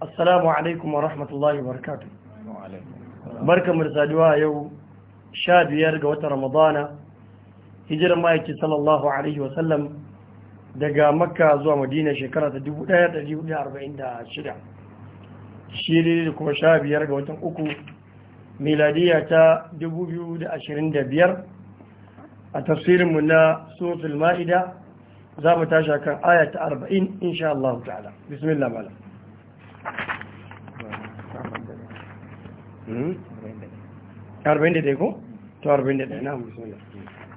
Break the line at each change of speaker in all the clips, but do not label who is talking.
assalamu alaikum wa rahmatullahi barkatu barka mursaduwa yau sha biyar ga wata ramadana hijirar ma'aiki sallallahu alaihi wasallam daga makka zuwa madina shekara ta 1446 shiri da kuma sha biyar ga watan uku miladiya ta 2025 a tafsirinmu na suratul ma'ida za mu tashi kan aya ta 40 insha Allah ta'ala bismillah malam أربعين دقيقة تو أربعين دقيقة نعم بسم الله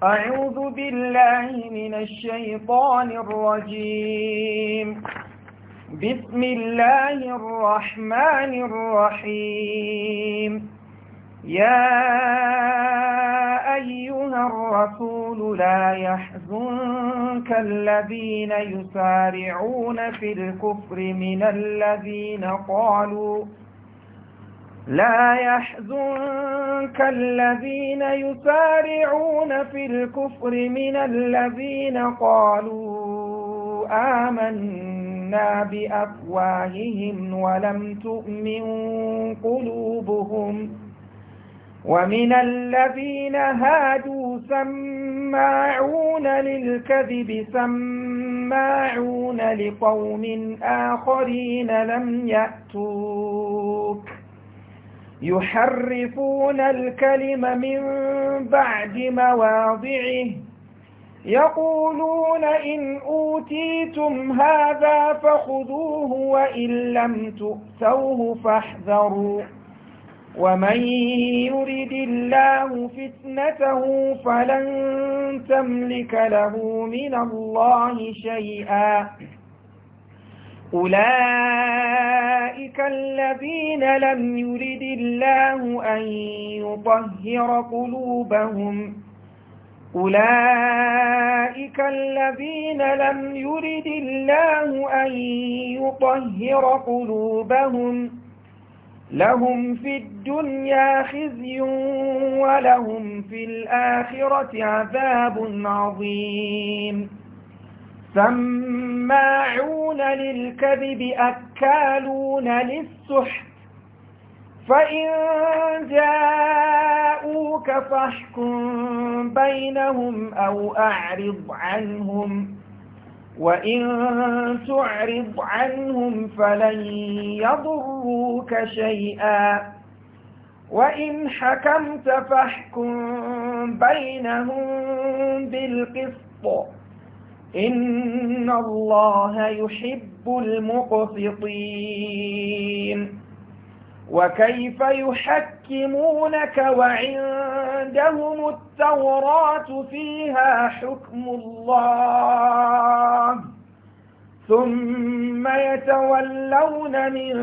أعوذ بالله من الشيطان الرجيم بسم الله الرحمن الرحيم
يا
أيها الرسول لا يحزنك الذين يسارعون في الكفر من الذين قالوا لا يحزنك الذين يسارعون في الكفر من الذين قالوا آمنا بأفواههم ولم تؤمن قلوبهم ومن الذين هادوا سماعون للكذب سماعون لقوم آخرين لم يأتوك يحرفون الكلم من بعد مواضعه يقولون إن أوتيتم هذا فخذوه وإن لم تؤتوه فاحذروا ومن يرد الله فتنته فلن تملك له من الله شيئا أولئك الذين لم يرد الله أن يطهر قلوبهم أولئك الذين لم يرد الله أن يطهر قلوبهم
لهم
في الدنيا خزي ولهم في الآخرة عذاب عظيم سماعون للكذب أكالون للسحت فإن جاءوك فاحكم بينهم أو أعرض عنهم وإن تعرض عنهم فلن يضروك شيئا وإن حكمت فاحكم بينهم بالقسط إن الله يحب المقسطين وكيف يحكمونك وعندهم التوراة فيها حكم الله ثم يتولون من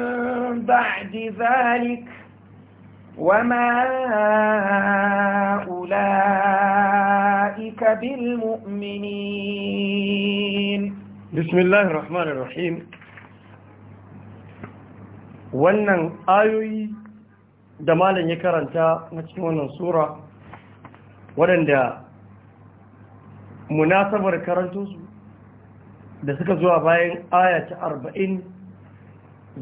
بعد ذلك ۖ وما أولئك
بالمؤمنين بسم الله الرحمن الرحيم wannan ayoyi da malam ya karanta na cikin wannan sura waɗanda munasabar karantunsu da suka zuwa bayan ayata ta arba'in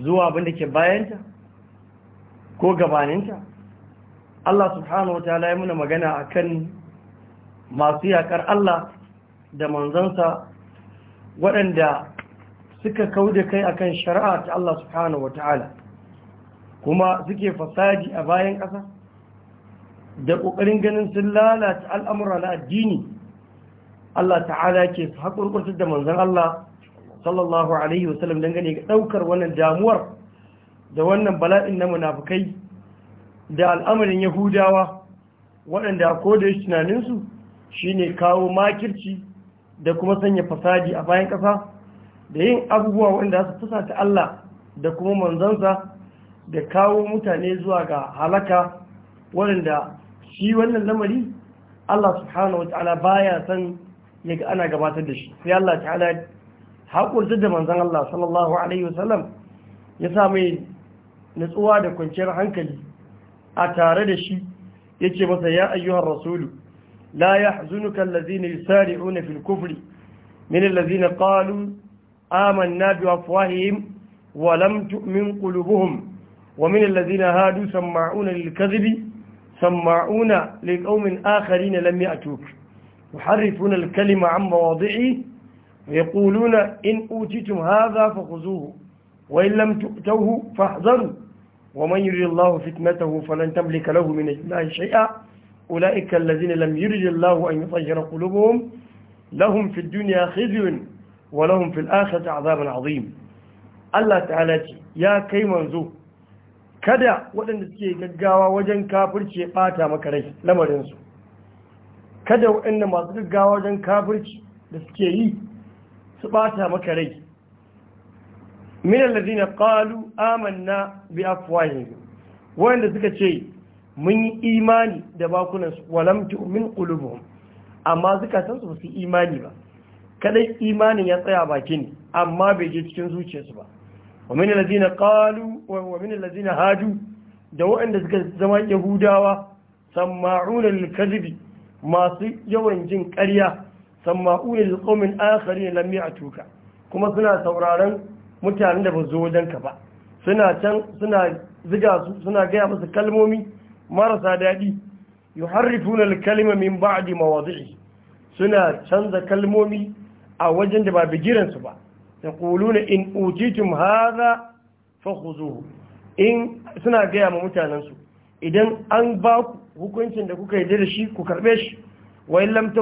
zuwa abinda ke bayanta ko gabaninta Allah subhanahu wa ta'ala ya muna magana akan masu yakar Allah da manzansa waɗanda suka kauda kai akan shari'a ta Allah subhanahu wa ta'ala kuma suke fasadi a bayan ƙasa da ƙoƙarin ganin sun lalata al'amura na addini Allah ta'ala ke haƙurƙurtar da manzan Allah sallallahu alaihi wasallam dangane ga ɗaukar wannan damuwar da wannan bala'in na munafukai da al'amarin yahudawa waɗanda a da tunaninsu shi ne kawo makirci da kuma sanya fasadi a bayan ƙasa da yin abubuwa waɗanda su ta Allah da kuma manzansa da kawo mutane zuwa ga halaka waɗanda shi wannan lamari Allah subhanahu wata'ala baya san ga ana gabatar da shi sai Allah ta'ala haƙurta da manzan Allah sallallahu alaihi wasallam ya sa mai natsuwa da kwanciyar hankali a tare da shi yace masa ya ayyuhar rasulu la yahzunuka allazina yusari'una fil kufri min allazina qalu amanna bi afwahihim wa lam min qulubuhum wa min allazina hadu sama'una lil kadhibi sama'una liqaumin akharina lam ya'tuk يحرفون الكلمة عن in ويقولون إن أوتيتم هذا فخذوه وإن لم تؤتوه فاحذروا ومن يرد الله فتنته فلن تملك له من الله شيئا أولئك الذين لم يرد الله أن يطهر قلوبهم لهم في الدنيا خزي ولهم في الآخرة عذاب عظيم الله تعالى يا كي منزو kada waɗanda suke gaggawa wajen kafirce ɓata maka rai lamarinsu kada waɗanda masu gaggawa wajen kafirci da suke yi su ɓata maka rai min alladhina qalu amanna bi afwahihim wanda suka ce mun yi imani da bakunan su walam tu'min qulubuhum amma zukatan su su imani ba kadai imanin ya tsaya baki ne amma bai je cikin zuciyarsu ba wa min alladhina qalu wa min alladhina hadu da waɗanda suka zama yahudawa sama'una lil masu yawan jin ƙarya sama'una lil qaumin akharin lam ya'tuka kuma suna sauraron mutanen da ba zo ba suna can suna ziga su suna gaya masa kalmomi marasa daɗi yuharrifuna al-kalima min ba'di suna canza kalmomi a wajen da ba bigiran su ba yaquluna in utitum hadha fakhuzuhu in suna gaya ma mutanen su idan an ba ku hukuncin da kuka yi da shi ku karbe shi wa in lam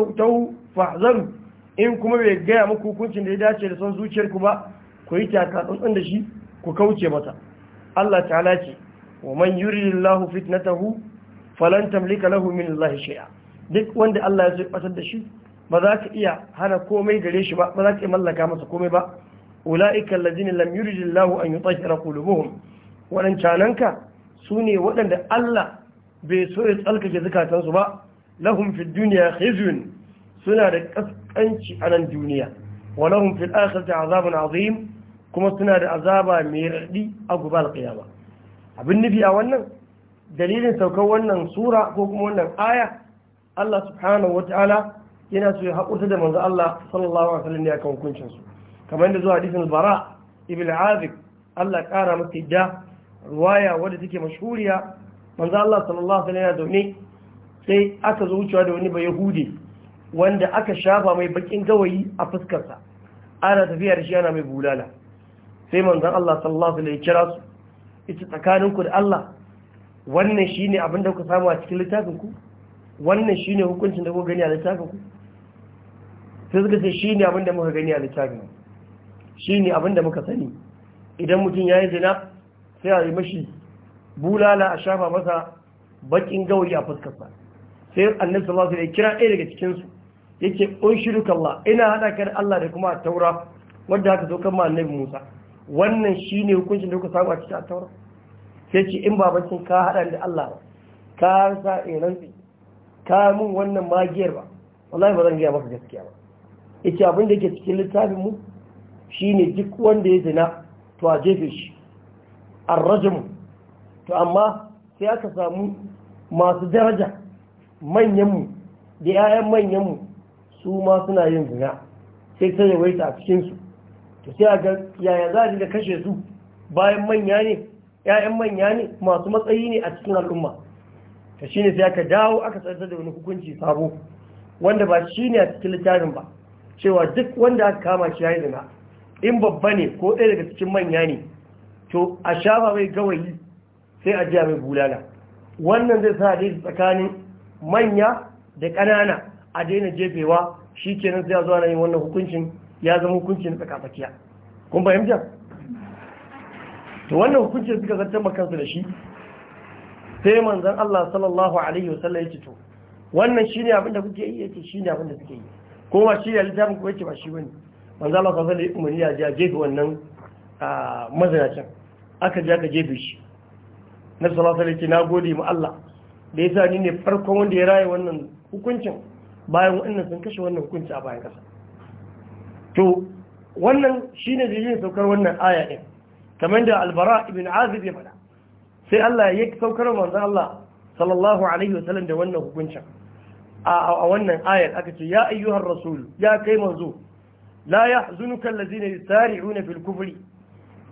in kuma bai gaya muku hukuncin da ya dace da son zuciyarku ba ku yi taka tsantsan da shi ku kauce mata Allah ta'ala ce wa man yuridillahu fitnatahu falan tamlika lahu min Allah shay'a duk wanda Allah ya so fatar da shi ba za ka iya hana komai gare shi ba ba za ka iya mallaka masa komai ba ulaika allazina lam yuridillahu an yutahhira qulubuhum wadan cananka sune waɗanda Allah bai so ya tsalkake zukatansu ba lahum fid dunya suna da kaskanci a nan duniya walahum fil akhirati azabun azim kuma suna da azaba mai raɗi a gobe alƙiyama abin nufi a wannan dalilin saukar wannan sura ko kuma wannan aya Allah subhanahu wata'ala yana so ya haƙurta da manzo Allah sallallahu alaihi wasallam ya kan hukuncin su kamar da zuwa hadisin bara ibn azib Allah ƙara masa yadda ruwaya wadda take mashhuriya manzo Allah sallallahu alaihi wasallam yana zaune sai aka zo wucewa da wani ba yahudi wanda aka shafa mai bakin gawayi a fuskarsa ana tafiya da shi ana mai bulala sai manzan Allah sallallahu alaihi kira su ita tsakaninku da Allah wannan shine abin da kuka samu a cikin littafin ku wannan shine hukuncin da kuka gani a littafin ku sai suka ce shine abin da muka gani a littafin shine abin da muka sani idan mutum yayi zina sai a yi mashi bulala a shafa masa bakin gawayi a fuskarsa sai annabi sallallahu alaihi kira ɗaya daga cikin su yake unshiruka Allah ina hada kar Allah da kuma taura wanda aka zo kan annabi Musa wannan shine hukuncin da kuka samu a cikin taura sai ce in babancin ka hada da Allah ba ka sa iranci ka mun wannan magiyar ba wallahi ba zan gaya maka gaskiya ba yace abin da yake cikin littafin mu shine duk wanda ya zina to a jefe shi arrajmu to amma sai aka samu masu daraja manyanmu da 'ya'yan manyanmu su ma suna yin zina sai ta yawaita a cikinsu to sai a ga yaya za a kashe su bayan manya ne ‘ya'yan manya ne masu matsayi ne a cikin al'umma ta shi ne sai aka dawo aka tsarta da wani hukunci sabo wanda ba shi ne a cikin littafin ba cewa duk wanda aka kama shi ya yi zina in babba ne ko ɗaya daga cikin manya ne to a shafa mai gawayi sai a jiya mai bulala wannan zai sa hadisi tsakanin manya da ƙanana a daina jefewa shi kenan sai a zuwa na yin wannan hukuncin ya zama hukuncin tsakatsakiya kun fahimta to wannan hukuncin suka zartar makansu da shi sai manzan Allah sallallahu alaihi wa wasallam ya ce to wannan shine abin da kuke yi yace shine abin da suke yi kuma shi ya littafin ku yace ba shi bane manzo Allah sallallahu alaihi wasallam ya jefe wannan mazinacin aka je aka jefe shi na sallallahu alaihi wasallam ya ce nagode mu Allah da yasa ni ne farkon wanda ya raye wannan hukuncin bayan wannan sun kashe wannan hukunci a bayan kasa to wannan shine dalilin saukar wannan aya din kamar da albara ibn azib ya faɗa sai Allah ya saukar manzon Allah sallallahu alaihi wasallam da wannan hukuncin a wannan ayar aka ce ya ayyuhar rasul ya kai manzo la yahzunuka allazina yusari'una fil kufri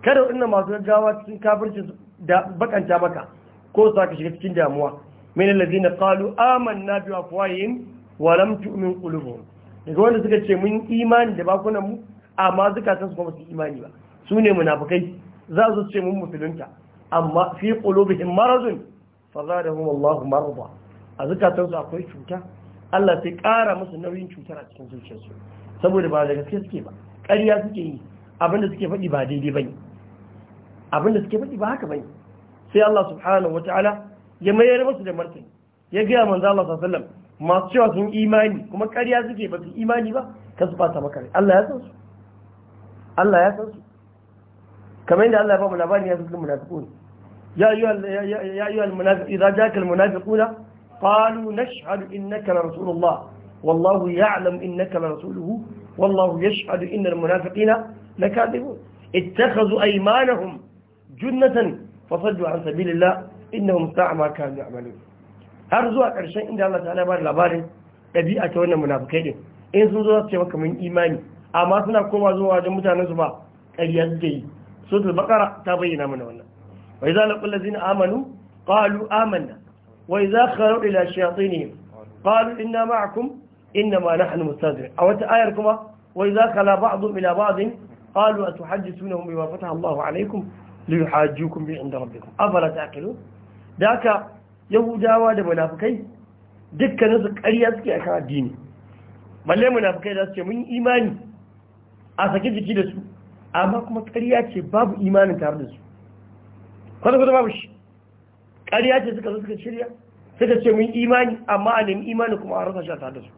kada inna masu gaggawa cikin kafirci da bakanta maka ko su ka shiga cikin damuwa min allazina qalu amanna bi afwahihim wa lam tu'min qulubuhum daga wanda suka ce mun imani da bakunan mu amma zukatan su kuma su imani ba Sune ne munafikai za su ce mun musulunta amma fi qulubihim maradun fa zadahum Allah marada a zukatan su akwai cuta Allah sai ƙara musu nauyin cutar a cikin zuciyarsu saboda ba da gaske suke ba ƙarya suke yi abinda suke faɗi ba daidai bane abinda suke faɗi ba haka bane sai Allah subhanahu wataala ya mayar musu da martani ya ga manzo Allah sallallahu alaihi wasallam masu cewa sun imani kuma kariya suke ba su imani ba ka su fata maka Allah ya san su Allah ya san su kamar yadda Allah ya ba mu labarin ya san munafiqun ya al-munafiq idza ja'aka al munafiquna qalu nashhadu innaka la rasulullah wallahu ya'lam innaka la rasuluhu wallahu yashhadu inna al-munafiqina اتخذوا ittakhadhu aymanahum junnatan عن سبيل الله إنهم ساع ما كانوا يعملون har zuwa ƙarshen inda Allah ta'ala ba da labarin ɗabi'a ta wannan munafukai din in sun zo su ce maka mun imani amma suna koma zuwa wajen mutanen su ba ƙarya suke yi suratul baqara ta bayyana mana wannan wa idza laqul ladzina amanu qalu amanna wa idza kharu ila shayatinihim qalu inna ma'akum innama nahnu mustahzi'un a wata ayar kuma wa idza khala ba'dhum ila ba'dhin قالوا أتحدثونهم بما فتح الله عليكم ليحاجوكم به عند ربكم أفلا تعقلون ذاك yahudawa da munafukai dukkanin su ƙarya suke a kan addini balle munafukai za su ce mun imani a saki jiki da su amma kuma ƙarya ce babu imanin tare da su kwata-kwata babu shi ƙarya ce suka zo suka shirya suka ce mun imani amma a nemi imani kuma a rasa shi a tare da su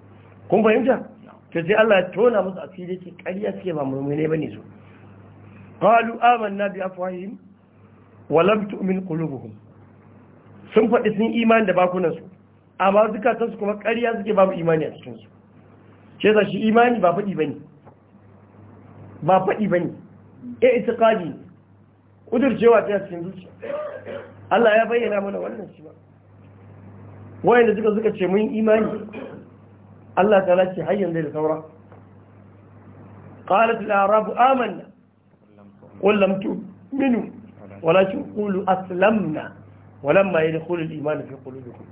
kun fahimta Ta sai Allah ya tona musu asiri ce ƙarya suke ba mummune ne su qalu amanna bi afwahihim wa lam tu'min qulubuhum sun faɗi sun imani da bakunansu amma zukatansu kuma ƙariya suke babu imani a cikinsu ce za shi imani ba faɗi ba ne ba faɗi ba ne e eh, itikadi ƙudurcewa ta cikin zuciya Allah ya bayyana mana wannan shi ba wayanda suka suka ce mun imani Allah ta lace har yanzu da saura qalat al-arabu amanna minu wala tu'minu walakin qulu na. walamma yadkhulu al-iman fi qulubikum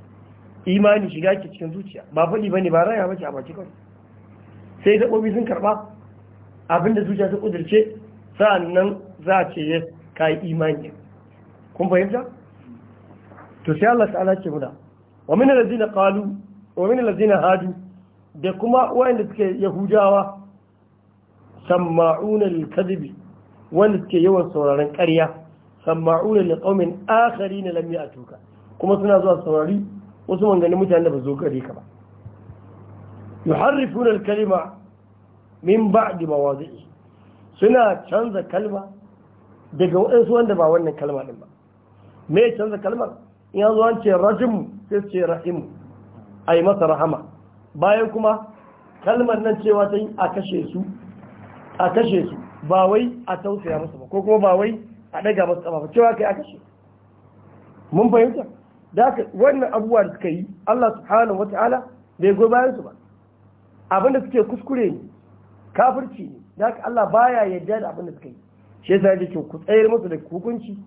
imani shiga ki cikin zuciya ba faɗi ba bane ba raya bace a baki kawai sai gaɓoɓi sun karɓa abinda zuciya ta ƙudurce sa'annan za a ce ya kayi imani kun fahimta? to sai Allah ta'ala ce muna wa min allazina qalu wa min allazina hadu da kuma wanda suke yahudawa samma'una lil kadhibi wanda suke yawan sauraron ƙarya sama'una li na akharina lam ya'tuka kuma suna zuwa saurari wasu manganin mutanen da ba zo gare ka ba yuharrifuna al-kalima min ba'di mawadhi'i suna canza kalma daga waɗansu wanda ba wannan kalma din ba me canza kalmar in yanzu an ce rajimu sai ce rahimu a masa rahama bayan kuma kalmar nan cewa ta yi a kashe su a kashe su ba wai a tausaya musu ba ko kuma ba wai a daga masu kafa cewa kai aka shi mun fahimta da haka wannan abubuwa da suka yi Allah subhanahu wata'ala bai goyi bayan su ba abinda suke kuskure ne kafirci ne da haka Allah baya yarda da abinda suka yi shi yasa yake ku tsayar musu da hukunci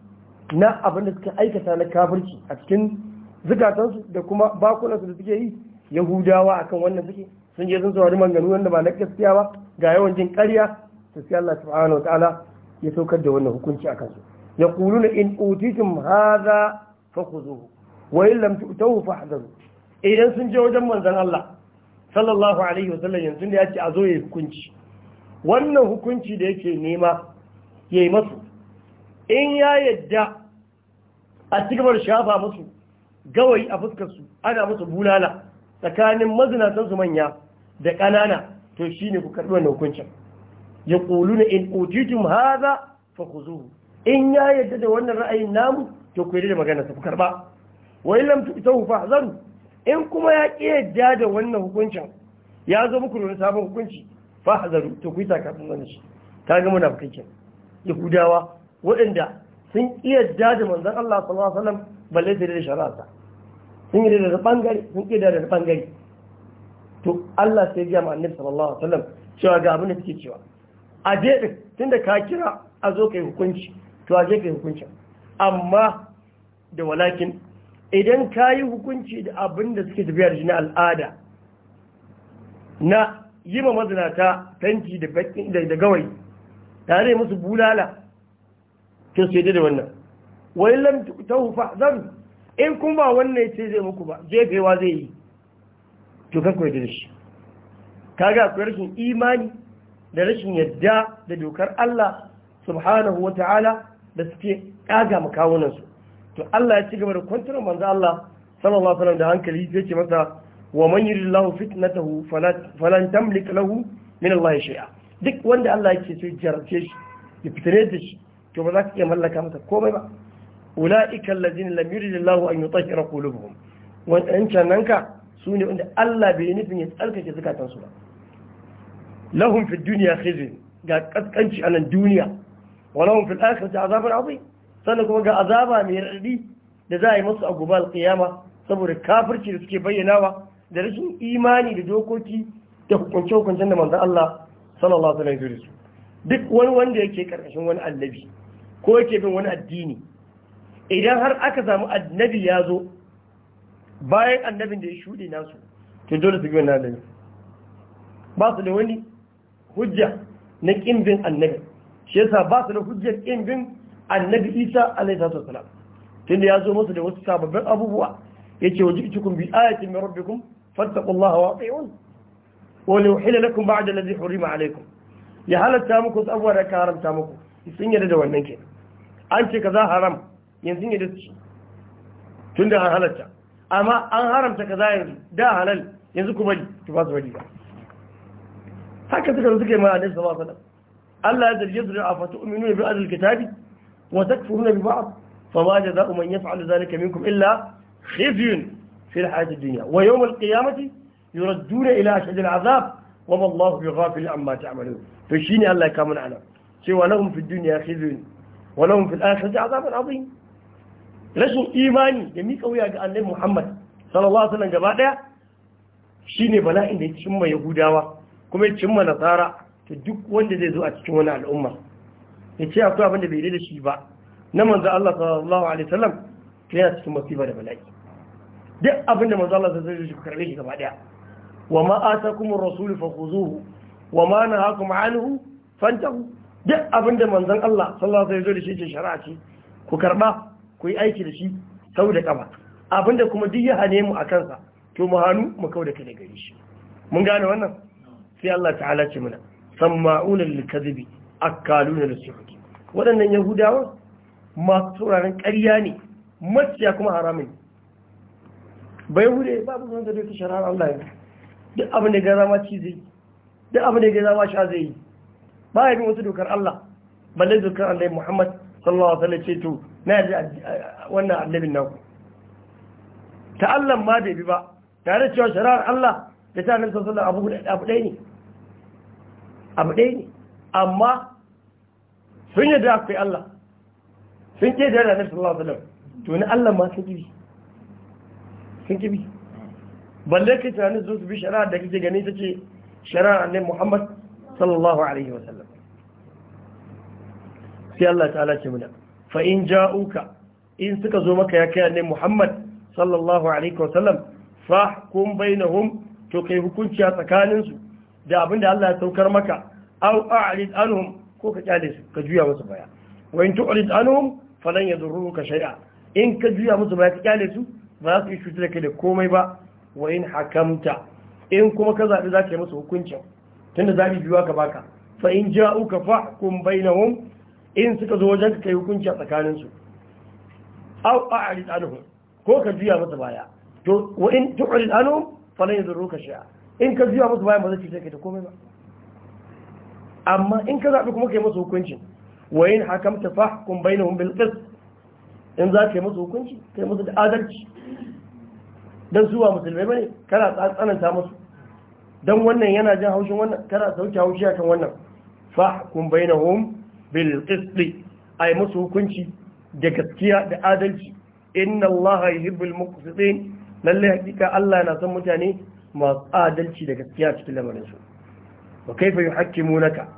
na abinda suka aikata na kafirci a cikin zikatansu da kuma bakunansu da suke yi yahudawa akan wannan suke sun je sun saurari maganganu wanda ba na gaskiya ba ga yawan jin ƙarya to sai Allah subhanahu wataala ya saukar da wannan hukunci a Ya kulu na in utitum hadha zo wa lamtu ta hufa hadaru. idan sun je wajen manzan Allah sallallahu alaihi wasallam yanzu da yace a zo yi hukunci wannan hukunci da yake nema ya yi masu in ya yadda a cikin shafa masu gawayi a fuskar su ana musu bulala tsakanin mazinatan manya da ƙanana to shine ku karɓi wannan hukuncin Ya ƙulu na in fa ku zo in ya yadda da wannan ra'ayin namu to ku yadda da magana ku karba wa in lam tu'tahu fahzaru in kuma ya ki yadda da wannan hukuncin ya zo muku da sabon hukunci fahzaru to ku yi takafin wani shi Ta kaga munafikai kenan yahudawa waɗanda sun ki yadda da manzon Allah sallallahu alaihi wasallam balle da shari'a sun yi da bangare sun ki da bangare to Allah sai ya ga annabi sallallahu alaihi wasallam cewa ga abin da kike cewa a je tun tunda ka kira a zo ka yi hukunci to a je yi hukunci amma da walakin idan ka yi hukunci da abin da suke tafiya da shi na al'ada na yi ma mazinata tanki da gawayi tare musu bulala sai dai da wannan wani lamta hufa zan in kun ba wannan ya ce zai muku ba jefewa zai yi to kakwai da shi kaga akwai rashin imani da rashin yadda da dokar Allah subhanahu wa ta'ala da suke ƙaga makawunansu to Allah ya ci gaba da kwantar manzo Allah sallallahu alaihi da hankali ya ce masa wa man yuridillahu fitnatahu falan tamlik lahu min Allah shay'a duk wanda Allah yake so jarabce shi ya fitare da shi to ba za ka iya mallaka masa komai ba ulaika allazina lam yuridillahu an yutahhira qulubuhum wannan cananka sune wanda Allah bai nufin ya tsarkake zakatansu ba lahum fi duniya khizy ga kaskanci a nan duniya wa lahum fil akhirati azabun sannan kuma ga azaba mai radi da za a yi musu a gobe alƙiyama saboda kafirci da suke bayyanawa da rashin imani da dokoki da hukunce-hukuncen da manzan Allah sallallahu alaihi wa su duk wani wanda yake karkashin wani annabi ko yake bin wani addini idan har aka samu annabi ya zo bayan annabin da ya shuɗe nasu to dole su bi wani annabi ba su da wani hujja na kin bin annabi shi yasa ba su da hujjar kin bin annabi Isa alaihi salatu wasalam tunda ya zo musu da wasu sababbin abubuwa ya ce yace cikin bi ayatin mai rabbikum fattaqullaha wa ati'un wa la yuhilla kuma ba'da alladhi hurima alaykum ya halatta muku su abubuwa da ka haramta muku sun yarda da wannan kenan an ce kaza haram yanzu yarda su tunda an halatta amma an haramta kaza yanzu da halal yanzu kuma ki ba su bari ba haka suka suke ma annabi sallallahu alaihi Allah ya zarge su da afatu uminu bi adl kitabi wa takfuruna bi ba'd fama jazaa'u man yaf'alu dhalika minkum illa khizyun fi al-hayati ad-dunya wa yawm al-qiyamati yuradduna ila ashad al-'adhab wa ma Allahu bighafil amma ta'malun to shine Allah ya kama nan cewa lahum fi ad-dunya khizyun wa lahum fi al-akhirati 'adhabun 'azim rashin imani da mika wuya ga annabi Muhammad sallallahu alaihi wasallam gaba daya shine bala'in da ya cimma Yahudawa kuma ya cimma nasara ta duk wanda zai zo a cikin wani al'umma ya ce akwai abin da bai da shi ba na manzo Allah sallallahu alaihi wasallam to yana cikin masifa da bala'i duk abin da manzan Allah sallallahu alaihi wasallam karbe shi gaba daya wa ma atakum ar-rasul fakhuzuhu wa ma na haku anhu fantahu duk abin da manzan Allah sallallahu alaihi wasallam shi ce shari'a ce ku karba ku yi aiki da shi sau da Abin da kuma duk ya hane mu a kansa to mu hannu mu kauda kai da gari shi mun gane wannan sai Allah ta'ala ce mana samma'unan likazibi akkalunan lissuhuki waɗannan yahudawa masu sauraron ƙarya ne maciya kuma haramin Bai yahude ba abu zabe zai shara'ar Allah ya duk abin da gaza ma ci zai duk abin da gaza ma sha zai yi ba ya bin wasu dokar Allah balle dokar Allah Muhammad sallallahu alaihi wasallam ce to na yi wannan annabin naku ta Allah ma bai bi ba tare cewa sharar Allah da ta nan sallallahu abu ɗaya ne abu ɗaya ne amma sun yadda akwai Allah sun ke da ranar sallallahu alaihi wasallam to ni Allah ma sun kibi sun kibi balle kai tunanin zo su bi shari'a da kake gani ta ce shari'a annabi Muhammad sallallahu alaihi wasallam sai Allah ta'ala ce mana fa in ja'uka in suka zo maka ya kai annabi Muhammad sallallahu alaihi wasallam fahkum bainahum to kai hukunci a tsakaninsu da abin da Allah ya saukar maka aw a'rid anhum ko ka kyale su ka juya musu baya wa in tu'rid anhum falan yadurruka shay'a in ka juya musu baya ka kyale su ba za su yi cutar da kai da komai ba wa in hakamta in kuma ka zabi za ka yi musu hukuncin tunda zabi biyu ka baka fa in ja'uka fahkum bainahum in suka zo wajen ka kai hukunci a tsakanin su aw a'rid anhum ko ka juya musu baya to wa in tu'rid anhum falan yadurruka shay'a in ka zuwa musu bayan ba zai cuce ka ta komai ba amma in ka zaɓi kuma kai musu hukuncin ta fa kun bai na bil qist in za ka yi musu hukunci yi musu da adalci Don zuwa ba musulmai bane kana tsananta musu don wannan yana jin haushin wannan kana sauke haushi a kan wannan fa na bainahum bil a yi musu hukunci da gaskiya da adalci inna allaha yuhibbul muqsitin lalle hakika Allah yana son mutane masu adalci da gaskiya cikin lamarinsu wa na ka?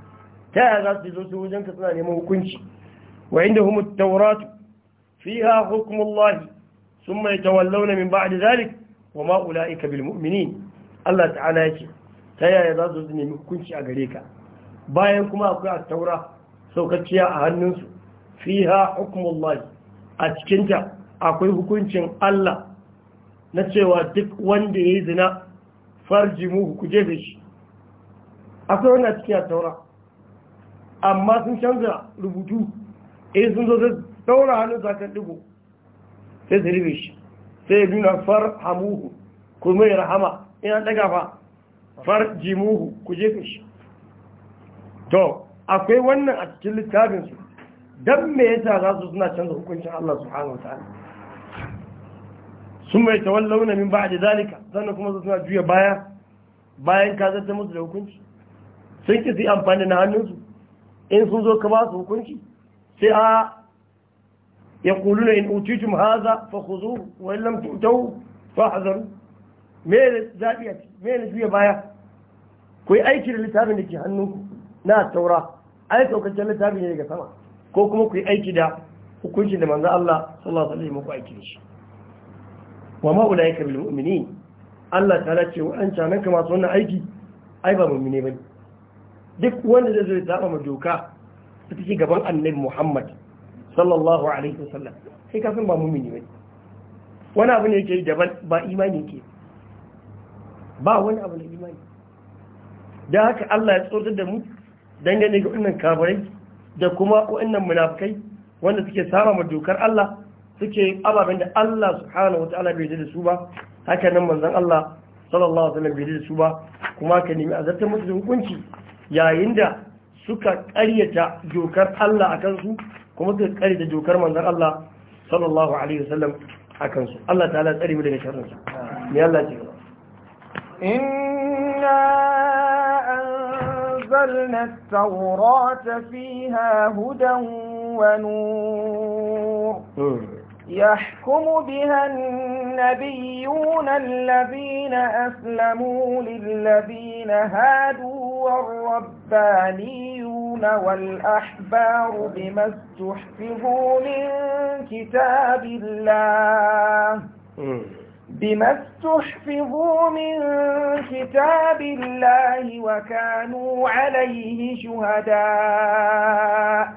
ta yaya za su zo su wajen ka suna neman hukunci wa indahum at-tauratu fiha hukmu Allah thumma yatawallawna min ba'di dhalik wa ma'ula ulaika bil mu'minin Allah ta'ala yake ta yaya za su nemi hukunci a gare ka bayan kuma akwai a taura saukacciya a hannunsu fiha hukmu Allah a cikinta akwai hukuncin Allah na cewa duk wanda ya yi zina farjimuhu ku jefe shi akwai a cikin a taura amma sun canza rubutu in eh, sun zo zai taura hannun ka ɗigo. sai su ribe shi sai nuna hamuhu ku mai rahama ina daga fa farjimuhu ku jefe shi to akwai wannan a cikin littafinsu don me yasa za su suna canza hukuncin Allah su wa ta'ala sun mai tawallauna min ba da zalika sannan kuma su suna juya baya bayan ka zata musu da hukunci sun ki su yi amfani na hannunsu in sun zo ka ba su hukunci sai a ya kuluna in utitum haza fa khuzuhu wa illam tu'tahu fa hazaru me zabi a me ne juya baya ku yi aiki da littafin da ke hannunku na taura ai saukacin littafin ne daga sama ko kuma ku yi aiki da hukuncin da manzo Allah sallallahu alaihi wasallam ku aiki da shi wa ma ya bil mu'minin Allah ta ce wa an canan kama masu wannan aiki ai ba mu'mine bane duk wanda zai zo ya saba ma doka ta take gaban annabi Muhammad sallallahu alaihi wasallam sai ka san ba mu'mini bane wani abu ne ke daban ba imani ke ba wani abu ne imani da haka Allah ya tsotar da mu dangane ga wannan kafirai da kuma wa'annan munafikai wanda suke sama ma dokar Allah suke yin ababen da Allah subhanahu wata'ala bai da su ba haka nan manzon Allah sallallahu alaihi wasallam bai da su ba kuma ka nemi azartar musu hukunci yayin da suka ƙaryata dokar Allah akan su kuma suka ƙaryata dokar manzon Allah sallallahu alaihi wasallam akan su Allah ta'ala tsare mu daga sharrin su me Allah ce
inna anzalna at-taurata fiha hudan wa يحكم بها النبيون الذين أسلموا للذين هادوا والربانيون والأحبار بما استحفظوا من كتاب الله بما استحفظوا من كتاب الله وكانوا عليه شهداء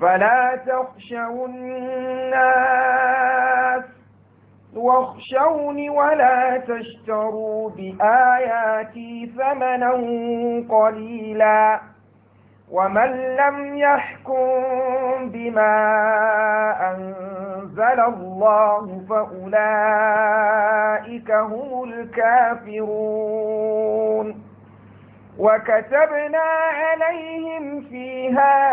فلا تخشوا الناس واخشوني ولا تشتروا بآياتي ثمنا قليلا ومن لم يحكم بما أنزل الله فأولئك هم الكافرون وكتبنا عليهم فيها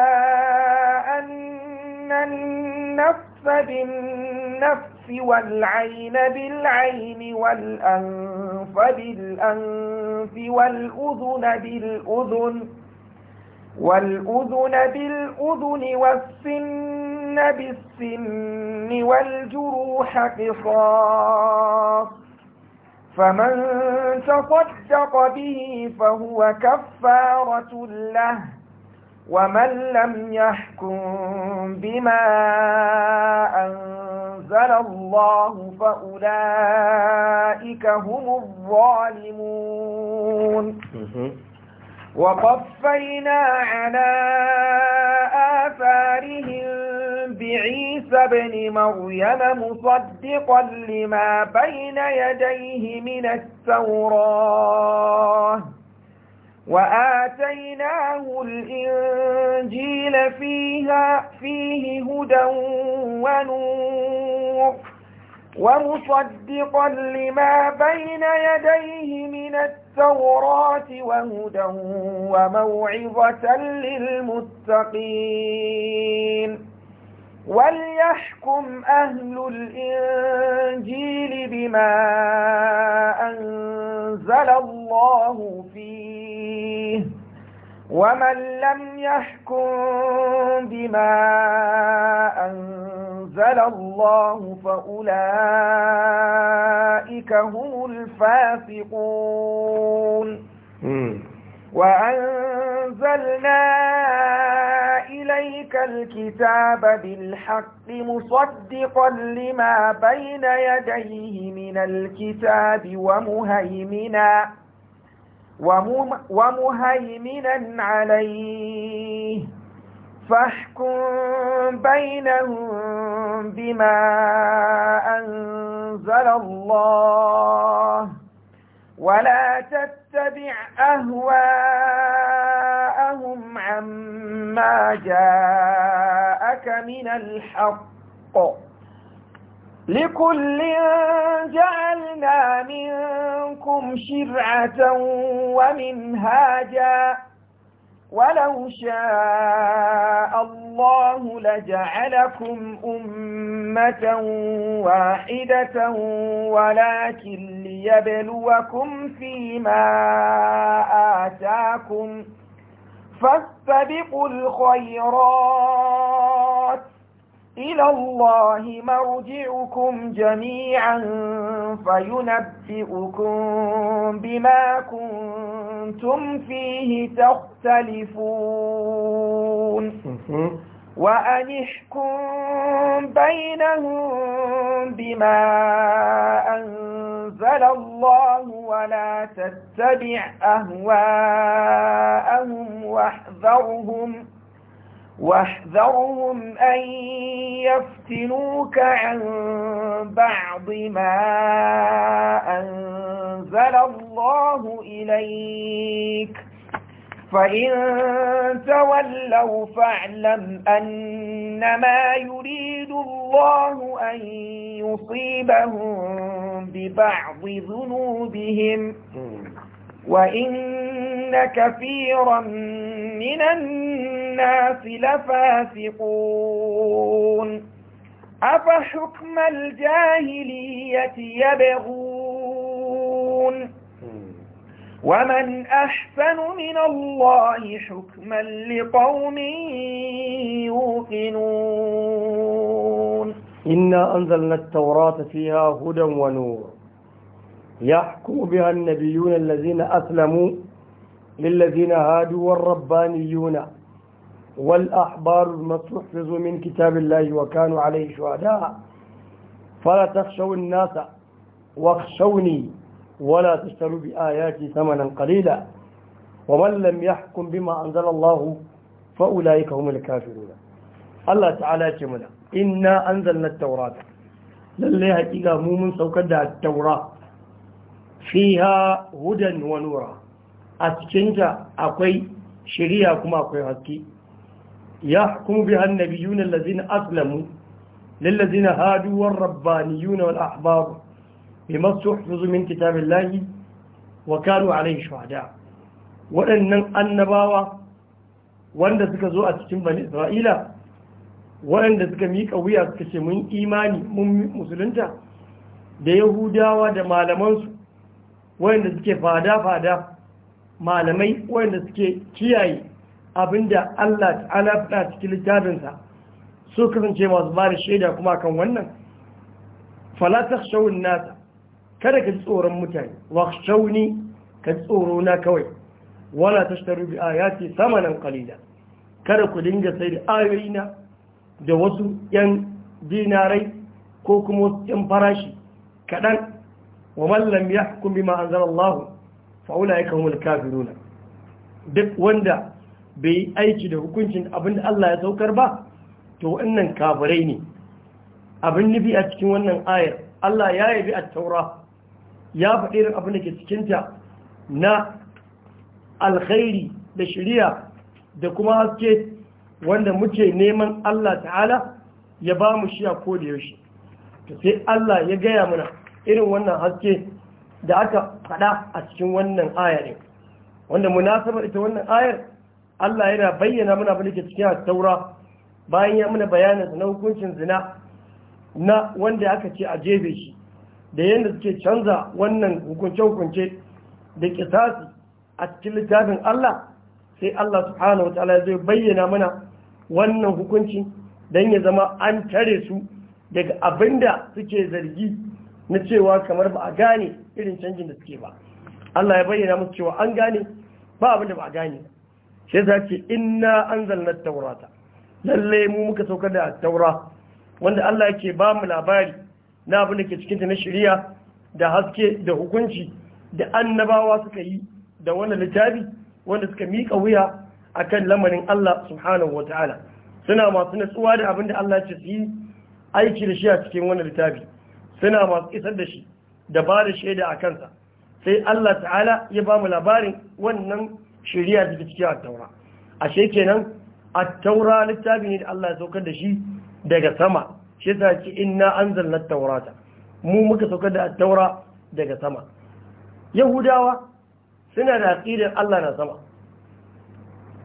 أن النفس بالنفس والعين بالعين والأنف بالأنف والأذن بالأذن والأذن بالأذن والسن بالسن والجروح قصاص فمن تصدق به فهو كفارة له ومن لم يحكم بما أنزل الله فأولئك هم الظالمون وقفينا على آثارهم عيسى بن مريم مصدقا لما بين يديه من التوراة وآتيناه الإنجيل فيها فيه هدى ونور ومصدقا لما بين يديه من التوراة وهدى وموعظة للمتقين وليحكم أهل الإنجيل بما أنزل الله فيه ومن لم يحكم بما أنزل الله فأولئك هم الفاسقون hmm. وأنزلنا إليك الكتاب بالحق مصدقا لما بين يديه من الكتاب ومهيمنا ومهيمنا عليه فاحكم بينهم بما أنزل الله ولا تتبع أهواءهم عما جاءك من الحق لكل جعلنا منكم شرعة ومنهاجا ولو شاء الله لجعلكم أمة واحدة ولكن ليبلوكم فيما آتاكم فاستبقوا الخيرات إلى الله مرجعكم جميعا فينبئكم بما كنتم فيه تختلفون وأنحكم بينهم بما أنزل الله ولا تتبع أهواءهم واحذرهم واحذرهم أن يفتنوك عن بعض ما أنزل الله إليك فإن تولوا فاعلم أنما يريد الله أن يصيبهم ببعض ذنوبهم وإن كثيرا من الناس لفاسقون أفحكم الجاهلية يبغون
ومن
أحسن من الله حكما لقوم يوقنون
إنا أنزلنا التوراة فيها هدى ونور يحكم بها النبيون الذين أسلموا للذين هادوا والربانيون والأحبار ما استحفظوا من كتاب الله وكانوا عليه شهداء فلا تخشوا الناس واخشوني ولا تشتروا بآياتي ثمنا قليلا ومن لم يحكم بما أنزل الله فأولئك هم الكافرون الله تعالى كمنا إنا أنزلنا التوراة للي حقيقة مو من سوكدها التوراة fiha hudan wa nura a cikinta akwai shiriya kuma akwai haske ya kuma bi annabiyun allazina aslamu lillazina hadu war rabbaniyun wal ahbab bima tuhfizu min kitabillahi wa kanu alayhi shuhada waɗannan annabawa wanda suka zo a cikin bani isra'ila waɗanda suka miƙa wuya suka ce mun imani mun musulunta da yahudawa da malamansu wayanda suke fada-fada malamai wayanda suke kiyaye abinda Allah ta'ala fada cikin littafinsa su kasance masu ba da shaida kuma kan wannan falatar shawun nasa kada ka tsoron mutane wa shauni ka tsoro na kawai wala ta bi ayati samanan qalila kada ku dinga sai da ayoyina da wasu 'yan dinarai ko kuma wasu 'yan farashi kaɗan ومن لم يحكم بما أنزل الله فأولئك هم الكافرون duk wanda bai aiki da hukuncin abin da Allah ya saukar ba to wannan kafirai ne abin nufi a cikin wannan ayar Allah ya yabi a taura ya faɗi irin abin da ke cikinta na alkhairi da shari'a da kuma haske wanda muke neman Allah ta'ala ya ba mu shi a koda yaushe to sai Allah ya gaya mana irin wannan haske da aka faɗa a cikin wannan aya wanda munasabar ita wannan ayar Allah yana bayyana mana bane cikin taura bayan ya muna bayanin na hukuncin zina na wanda aka ce a jebe shi da yanda suke canza wannan hukunce-hukunce da kisasi a cikin littafin Allah sai Allah subhanahu wataala zai bayyana mana wannan hukunci dan ya zama an tare su daga abinda suke zargi na cewa kamar ba a gane irin canjin da suke ba Allah ya bayyana musu cewa an gane ba abin da ba a gane shi yasa ce inna anzalna taurata lalle mu muka saukar da taura wanda Allah yake ba mu labari na abin da ke cikin ta na shari'a da haske da hukunci da annabawa suka yi da wannan littafi wanda suka mika wuya akan lamarin Allah subhanahu wataala suna masu natsuwa da abin da Allah ya ce su yi aiki da shi a cikin wannan littafi suna masu isar da shi da ba da shaida a kansa sai Allah ta'ala ya ba mu labarin wannan shirya da ke cikin attaura ashe kenan attaura littafi ne da Allah ya saukar da shi daga sama shi ta ce inna anzalna taurata mu muka saukar da attaura daga sama yahudawa suna da aqidar Allah na sama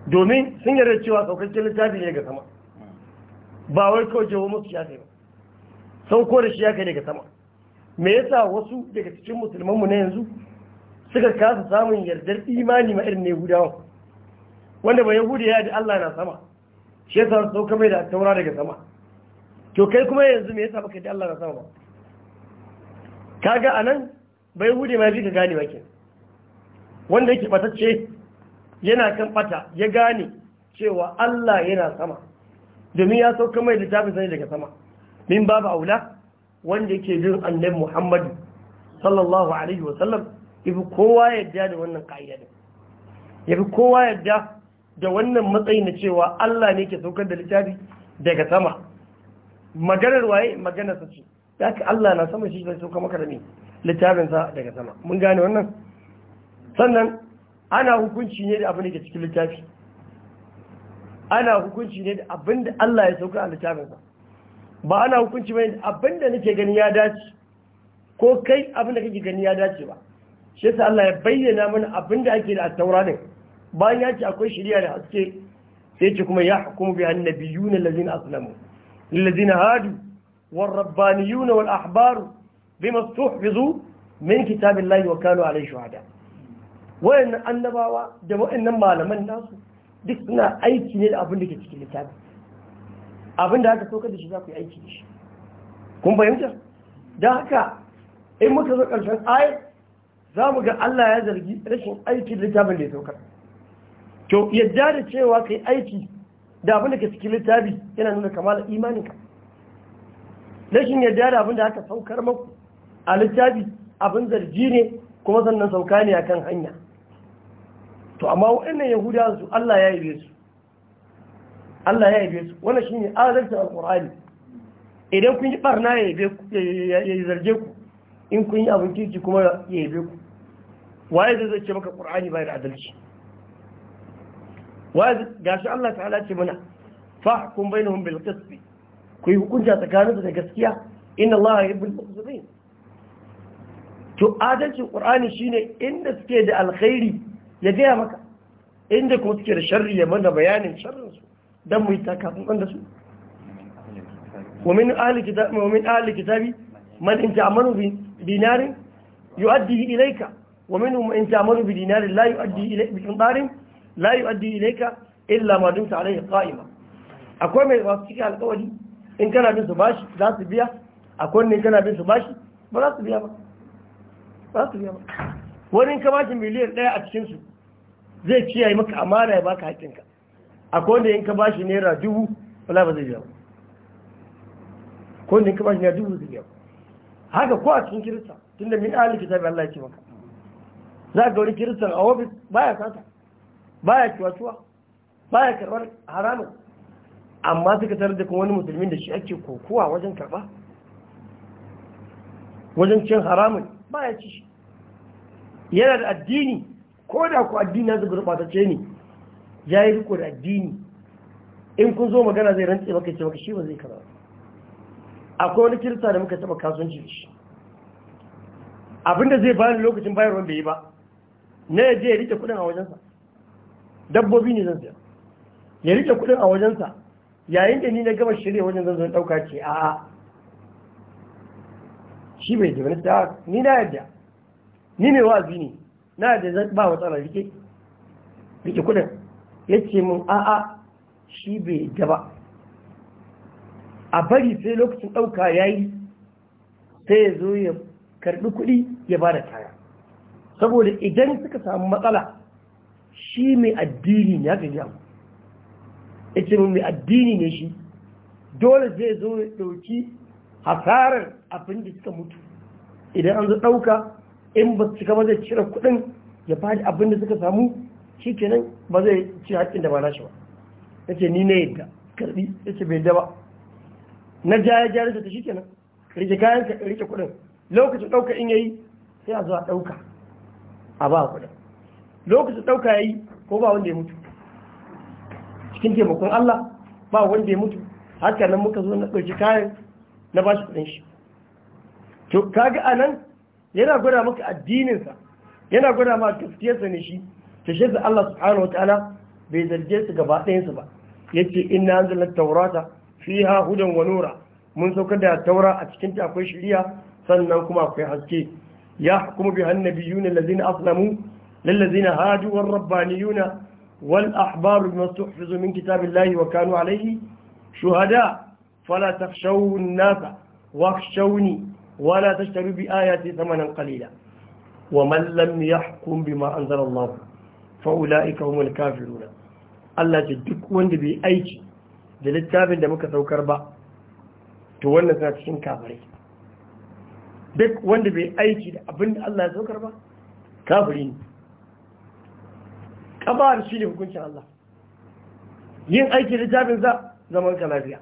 domin sun yarda cewa saukakken littafi ne daga sama ba wai kawai jawo musu shafe ba sauko da shi ya kai daga sama me yasa wasu daga cikin musulmanmu na yanzu suka kasa samun yardar imani ma irin yahudawan wanda ba yahudi ya da Allah na sama shi yasa sauka mai da taura daga sama to kai kuma yanzu me yasa baka da Allah na sama ba kaga anan ba yahudi ma bi ka gane ba ke wanda yake batacce yana kan bata ya gane cewa Allah yana sama domin ya sauka mai tafi sani daga sama min babu aula wanda yake bin annabi muhammadu sallallahu alaihi wasallam ibi kowa yadda da wannan ƙayyada Ibi kowa yadda da wannan matsayi na cewa Allah ne ke saukar da littafi daga sama maganar waye maganar sa ce haka Allah na sama shi zai sauka maka da ni littafin sa daga sama mun gane wannan sannan ana hukunci ne da abin da ke cikin littafi ana hukunci ne da abin da Allah ya sauka a littafin sa ba ana hukunci bane abinda nake gani ya dace ko kai abinda kake gani ya dace ba shi yasa Allah ya bayyana mana abinda ake da a taurarin. din bayan ya ce akwai shari'a da haske sai ce kuma ya hukumu bi annabiyuna allazina aslamu lillazina hadu والربانيون والأحبار بما استحفظوا من كتاب الله وكانوا عليه شهداء وإن Annabawa da wayannan malaman nasu duk suna aiki ne da abinda ke cikin littafi abin da aka saukar da shi za ku yi aiki da shi kun fahimta don haka in muka zo ƙarshen ayat za mu ga Allah ya zargi rashin aiki da littafin da ya saukar to yadda da cewa ka yi aiki da abin da ka cikin littafi yana nuna imanin imaninka rashin yadda da abin da aka saukar maku a littafi abin zargi ne kuma sannan sauka ne a kan hanya to amma waɗannan yahudawa su Allah ya yi su Allah ya yabe su wannan shine adalcin alqur'ani idan kun yi barna ya yabe ku ya zarge ku in kun yi abin kici kuma ya yabe ku waye zai zai ce maka qur'ani bai da adalci waye gashi Allah ta'ala ce mana fahkum bainahum bil qist ku yi hukunta tsakaninsu da gaskiya inna Allah ya yuhibbul muqsitin to adalcin qur'ani shine inda suke da alkhairi ya gaya maka inda kuma suke da sharri ya mana bayanin sharrin su don mu yi takafin ɗan da su wamin ahalin kitabi man in jamanu binarin yi addi yi ilaika wamin in jamanu binarin layu addi yi ilaika bikin barin layu addi yi ilaika illa ma dunsa a laiya ƙa'ima akwai mai wasu cikin alƙawari in kana bin su bashi za su biya akwai ne kana bin su bashi ba za su biya ba ba su biya ba wani in ka ba miliyan ɗaya a cikinsu zai ciyaye maka amana ya baka haƙƙinka akwai wanda in ka ba shi naira dubu wala ba zai biya ko wanda ka ba shi naira dubu zai biya haka ko a cikin kirista tun da min ahli kitabi Allah ya ce maka za ga wani kiristan a ofis baya sata baya ciwa-ciwa baya karbar haramun amma suka tarar da kuma wani musulmin da shi ake kokowa wajen karba wajen cin haramun baya ci shi yana da addini ko da ku addini na zubin ce ne ya yi riko da addini in kun zo magana zai rantse maka ce maka shi ba zai kama akwai wani kirista da muka taba kasuwanci shi abinda zai bani lokacin bayarwan bai yi ba na ya je ya rike kudin a wajensa dabbobi ne zan siya ya rike kudin a wajensa yayin da ni na gama shirya wajen zan zan dauka ce a'a shi bai ji wani ta ni na yadda ni mai wa'azi ne na yadda zan ba wa tsara rike rike kudin ya ce mun a'a shi bai da ba a bari sai lokacin ɗauka ya yi sai ya zo ya karɓi kuɗi ya ba da kaya saboda idan suka samu matsala shi mai addini ne haka ya ce mai addini ne shi dole zai zo ya ɗauki hasarar abin da suka mutu idan an zo ɗauka in ba su cika zai cire kuɗin ya faɗi abin da suka samu shi kenan ba zai ci haƙƙin da ba nashi ba ya ce ni na yadda karbi ya ce bai daba na jaya jari da ta shi kenan rike kayan ka rike kuɗin lokacin ɗauka in yayi sai a zuwa ɗauka a ba kuɗin lokacin ɗauka yayi ko ba wanda ya mutu cikin taimakon Allah ba wanda ya mutu haka nan muka zo na ɗauki kayan na ba shi kuɗin shi to kaga anan yana gwada maka addininsa yana gwada ma gaskiyarsa ne shi ta shi Allah subhanahu wa ta'ala bai zarge su gaba ɗayansu ba yace inna anzalna taurata fiha hudan wa nura mun saukar da taura a cikin ta akwai shari'a sannan kuma akwai haske ya hukumu bi annabiyun allazina aslamu lillazina hadu war yuna wal ahbar bima tuhfizu min kitabillahi wa kanu alayhi shuhada fala takhshaw an-nas wakhshawni wala tashtaru bi ayati thamanan qalila ومن لم يحكم بما أنزل fa'ula'ika humul kafiruna Allah ce duk wanda bai aiki da littafin da muka saukar ba to wannan suna cikin kafirai duk wanda bai aiki da abin da Allah ya saukar ba kafiri ne kabar shi ne hukuncin Allah yin aiki littafinsa zaman ka lafiya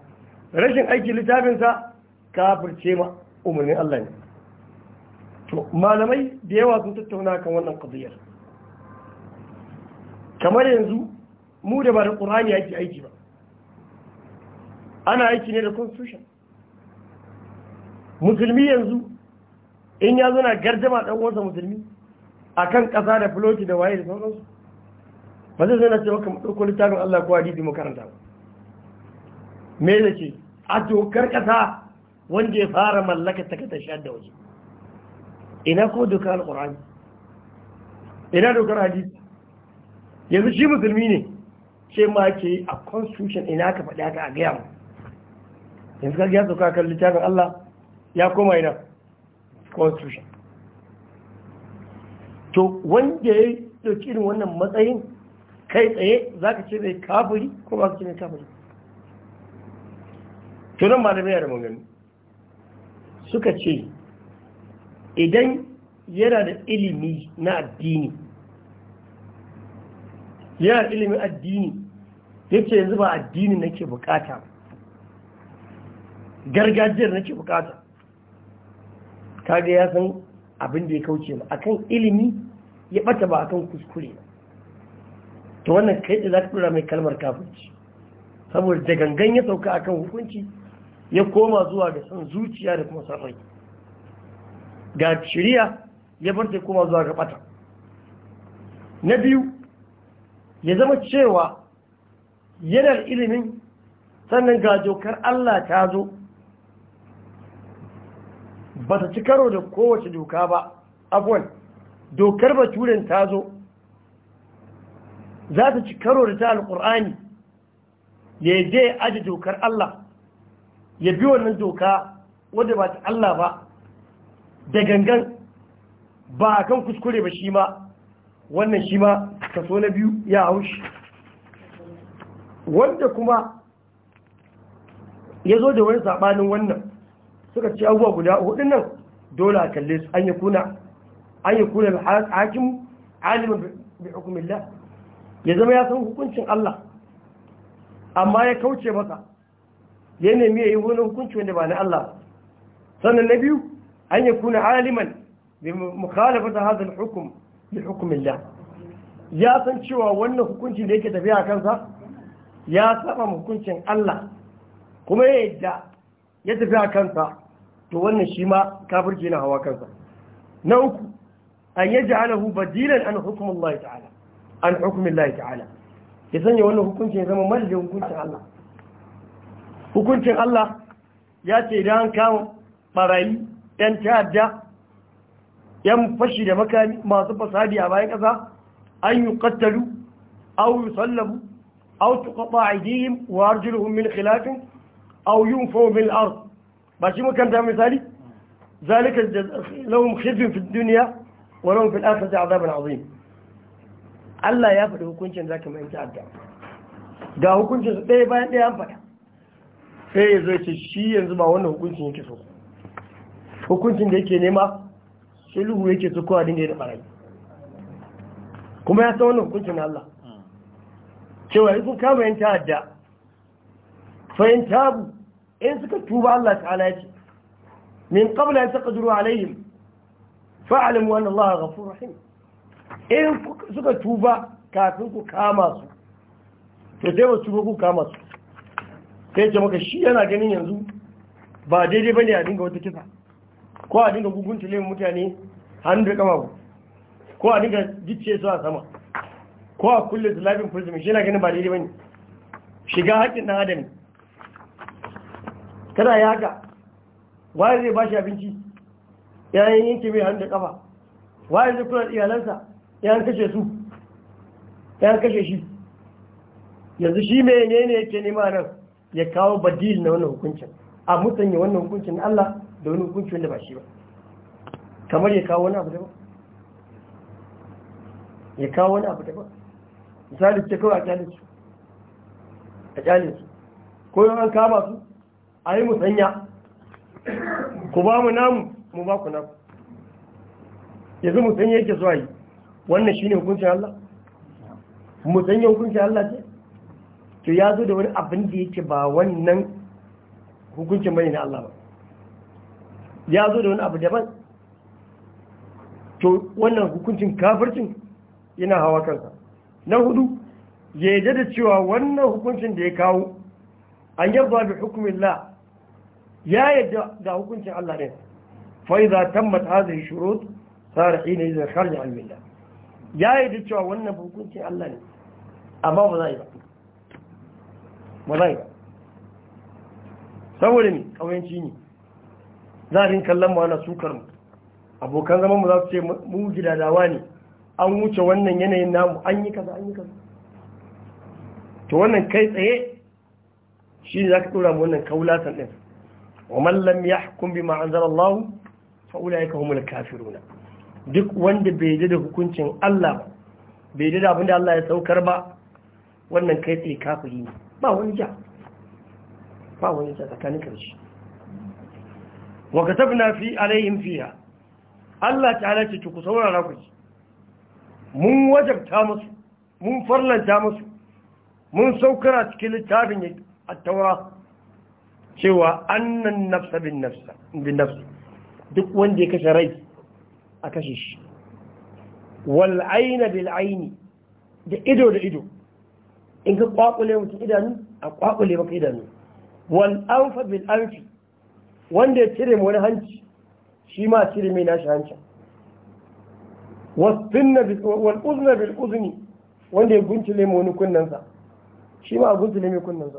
rashin aiki littafinsa sa kafirce ma umarnin Allah ne to malamai da yawa sun tattauna kan wannan qadiyar kamar yanzu mu da ba da ƙur'ani ake aiki ba ana aiki ne da constitution musulmi yanzu in ya zo na garjama ɗan wasa musulmi a kan ƙasa da filoti da waye da sauransu ba zai zana cewa kamar ɗauko littafin Allah ko hadisi makaranta ba me da ce a dokar ƙasa wanda ya fara mallaka ta kata shi da waje ina ko dokar alƙur'ani ina dokar hadisi yanzu shi musulmi ne ce ma ke a constitution ina ka faɗi haka a gaya mu yanzu kaga ya sauka kan littafin Allah ya koma ina constitution to wanda ya ɗauki irin wannan matsayin kai tsaye za ka ce mai kafiri ko ba ka ce mai kafiri to nan malamai yana da gani suka ce idan yana da ilimi na addini yana ilimin addini yace yanzu ba addini nake bukata gargajiyar nake bukata kaga ya san abin da ya kauce ma. akan ilimi ya bata ba akan kuskure to wannan kai da za ka dora mai kalmar kafirci saboda da gangan ya sauka akan hukunci ya koma zuwa ga san zuciya da kuma rai ga shirya ya bar ta koma zuwa ga bata na biyu ya zama cewa yanar ilimin sannan ga dokar Allah ta zo ba ta ci karo da kowace doka ba abuwan dokar baturen ta zo za ta ci karo da ta alƙur'ani ya je aji dokar Allah ya bi wannan doka wadda ba ta Allah ba da gangan ba a kan kuskure ba shi ma wannan shi ma kaso na biyu ya haushi wanda kuma ya zo da wani saɓanin wannan suka ce abubuwa guda hudun nan dole a kalle su an yi kuna an yi kuna hakim alimin bi hukumillah ya zama ya san hukuncin Allah amma ya kauce masa ya nemi ya yi wani hukunci wanda ba na Allah sannan na biyu an yi kuna aliman bi mukhalafata hadha al-hukm bi hukumillah ya san cewa wannan hukuncin da yake tafiya kansa ya saba hukuncin Allah kuma yadda ya tafi a kansa to wannan shi ma kafirci na hawa kansa na uku an yi ja'alahu badilan an hukumin Allah ta'ala an hukumin Allah ta'ala ya sanya wannan hukuncin ya zama mallin hukuncin Allah hukuncin Allah ya ce da an barayi yan ta'adda yan fashi da makami masu fasadi a bayan ƙasa أن يقتلوا أو يصلبوا أو تقطع أيديهم وأرجلهم من خلاف أو ينفوا من الأرض ماشي ممكن ده مثالي ذلك لهم خزي في الدنيا ولهم في الآخرة عذاب عظيم Allah ya faɗi hukuncin za ka mai ta'adda hukuncin su ɗaya bayan ɗaya faɗa sai ya zo shi yanzu ba wannan hukuncin yake so hukuncin da yake nema sulhu yake so kowa dinga da ɓarayi kuma ya san wannan hukuncin Allah cewa in kama ta hadda fayin tabu in suka tuba Allah ta'ala ce min qabla an taqdiru alaihim fa'lamu anna Allah ghafurur rahim in suka tuba kafin ku kama su to sai wasu ku kama su sai ce maka shi yana ganin yanzu ba daidai bane a dinga wata kisa ko a dinga guguntule mutane hannu da kamawa ko a dinga gicce su a sama ko a kulle da labin prison shi na ganin ba daidai bane shiga haƙƙin ɗan adam kada ya haka waye zai bashi abinci yayin yanke mai hannu da ƙafa. waye zai kula da iyalansa yan kashe su yan kashe shi yanzu shi mai ne ne yake nema nan ya kawo badil na wannan hukuncin a musanya wannan hukuncin Allah da wani hukuncin da ba shi ba kamar ya kawo wani abu da ba ya kawo wani abu daban misali ce kawai a kyalin su a kyalin su ko yau an kama su a yi musanya ku ba mu namu mu ba ku namu yanzu musanya yake zuwa yi wannan shi ne hukuncin Allah musanya hukuncin Allah ce to ya zo da wani abin da yake ba wannan hukuncin bane na Allah ba ya zo da wani abu daban to wannan hukuncin kafircin Ina hawa kansa na hudu ya yadda da cewa wannan hukuncin da ya kawo an yarda bi hukmillah ya yadda da hukuncin Allah ne fa idza tammat hadhihi shurut sara hina idza kharaja al millah ya yadda cewa wannan hukuncin Allah ne amma ba za yi ba ba za yi ba saboda ne kauyanci ne za a rin kallon mu ana sukar mu abokan zaman mu za su ce mu gidadawa ne an wuce wannan yanayin namu an yi kaza an yi kaza to wannan kai tsaye shi ne za ka ɗora mu wannan kaulatan ɗin wa mallam ya hukum bi ma'anzar Allah fa'ula ya kahumul kafiruna duk wanda bai yi da hukuncin Allah bai yi da abinda Allah ya saukar ba wannan kai tsaye kafiri ne ba wani ja ba wani ja tsakanin karshe wa katabna fi alaihim fiha Allah ta'ala ce ku saurara ku ji mun wajabta musu mun farlanta musu mun saukara cikin littafin taura. cewa annan nafsa bin nafsa bin nafsa duk wanda ya kashe rai a kashe shi wal aina bil aini da ido da ido in ka kwakule mutum idanu a kwakule maka idanu wal anfa bil anfi wanda ya cire mu wani hanci shi ma cire mai nashi hancin wal'uzna bil uzni wanda ya guntule mu wani kunnensa shi ma a guntule mai kunnensa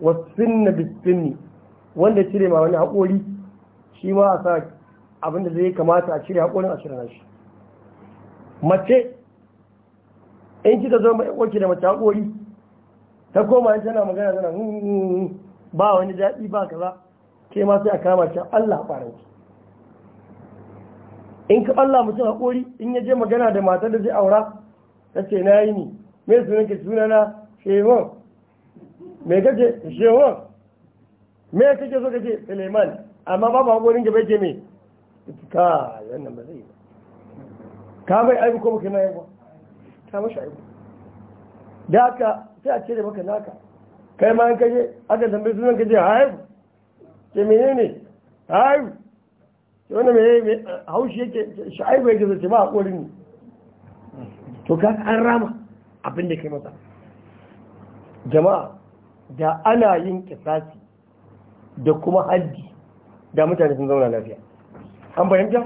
wasinna bil sinni wanda ya cire ma wani haƙori shi ma a sa abin da zai kamata a cire haƙorin a cire shi mace in kika zo mai wace da mace haƙori ta koma in tana magana tana ba wani daɗi ba kaza ke ma sai a kama shi Allah ɓaranki in ka Allah mutum haƙori in ya je magana da matar da zai aura ta ce na yi ni me sunan ka suna na shehon mai kace shehon me kake so kace suleiman amma babu haƙorin ka bai ce me ka wannan ba zai ba ka mai aiki ko baka mai ba, ka mashi aiki. da haka sai a cire maka naka kai ma in kaje aka tambayi sunan je haihu ke menene haihu wanda mai haushi yake sha'aibu yake zace ba a ƙorin ne to ka an rama abin da kai masa jama'a da ana yin kisasi da kuma haddi da mutane sun zauna lafiya an fahimta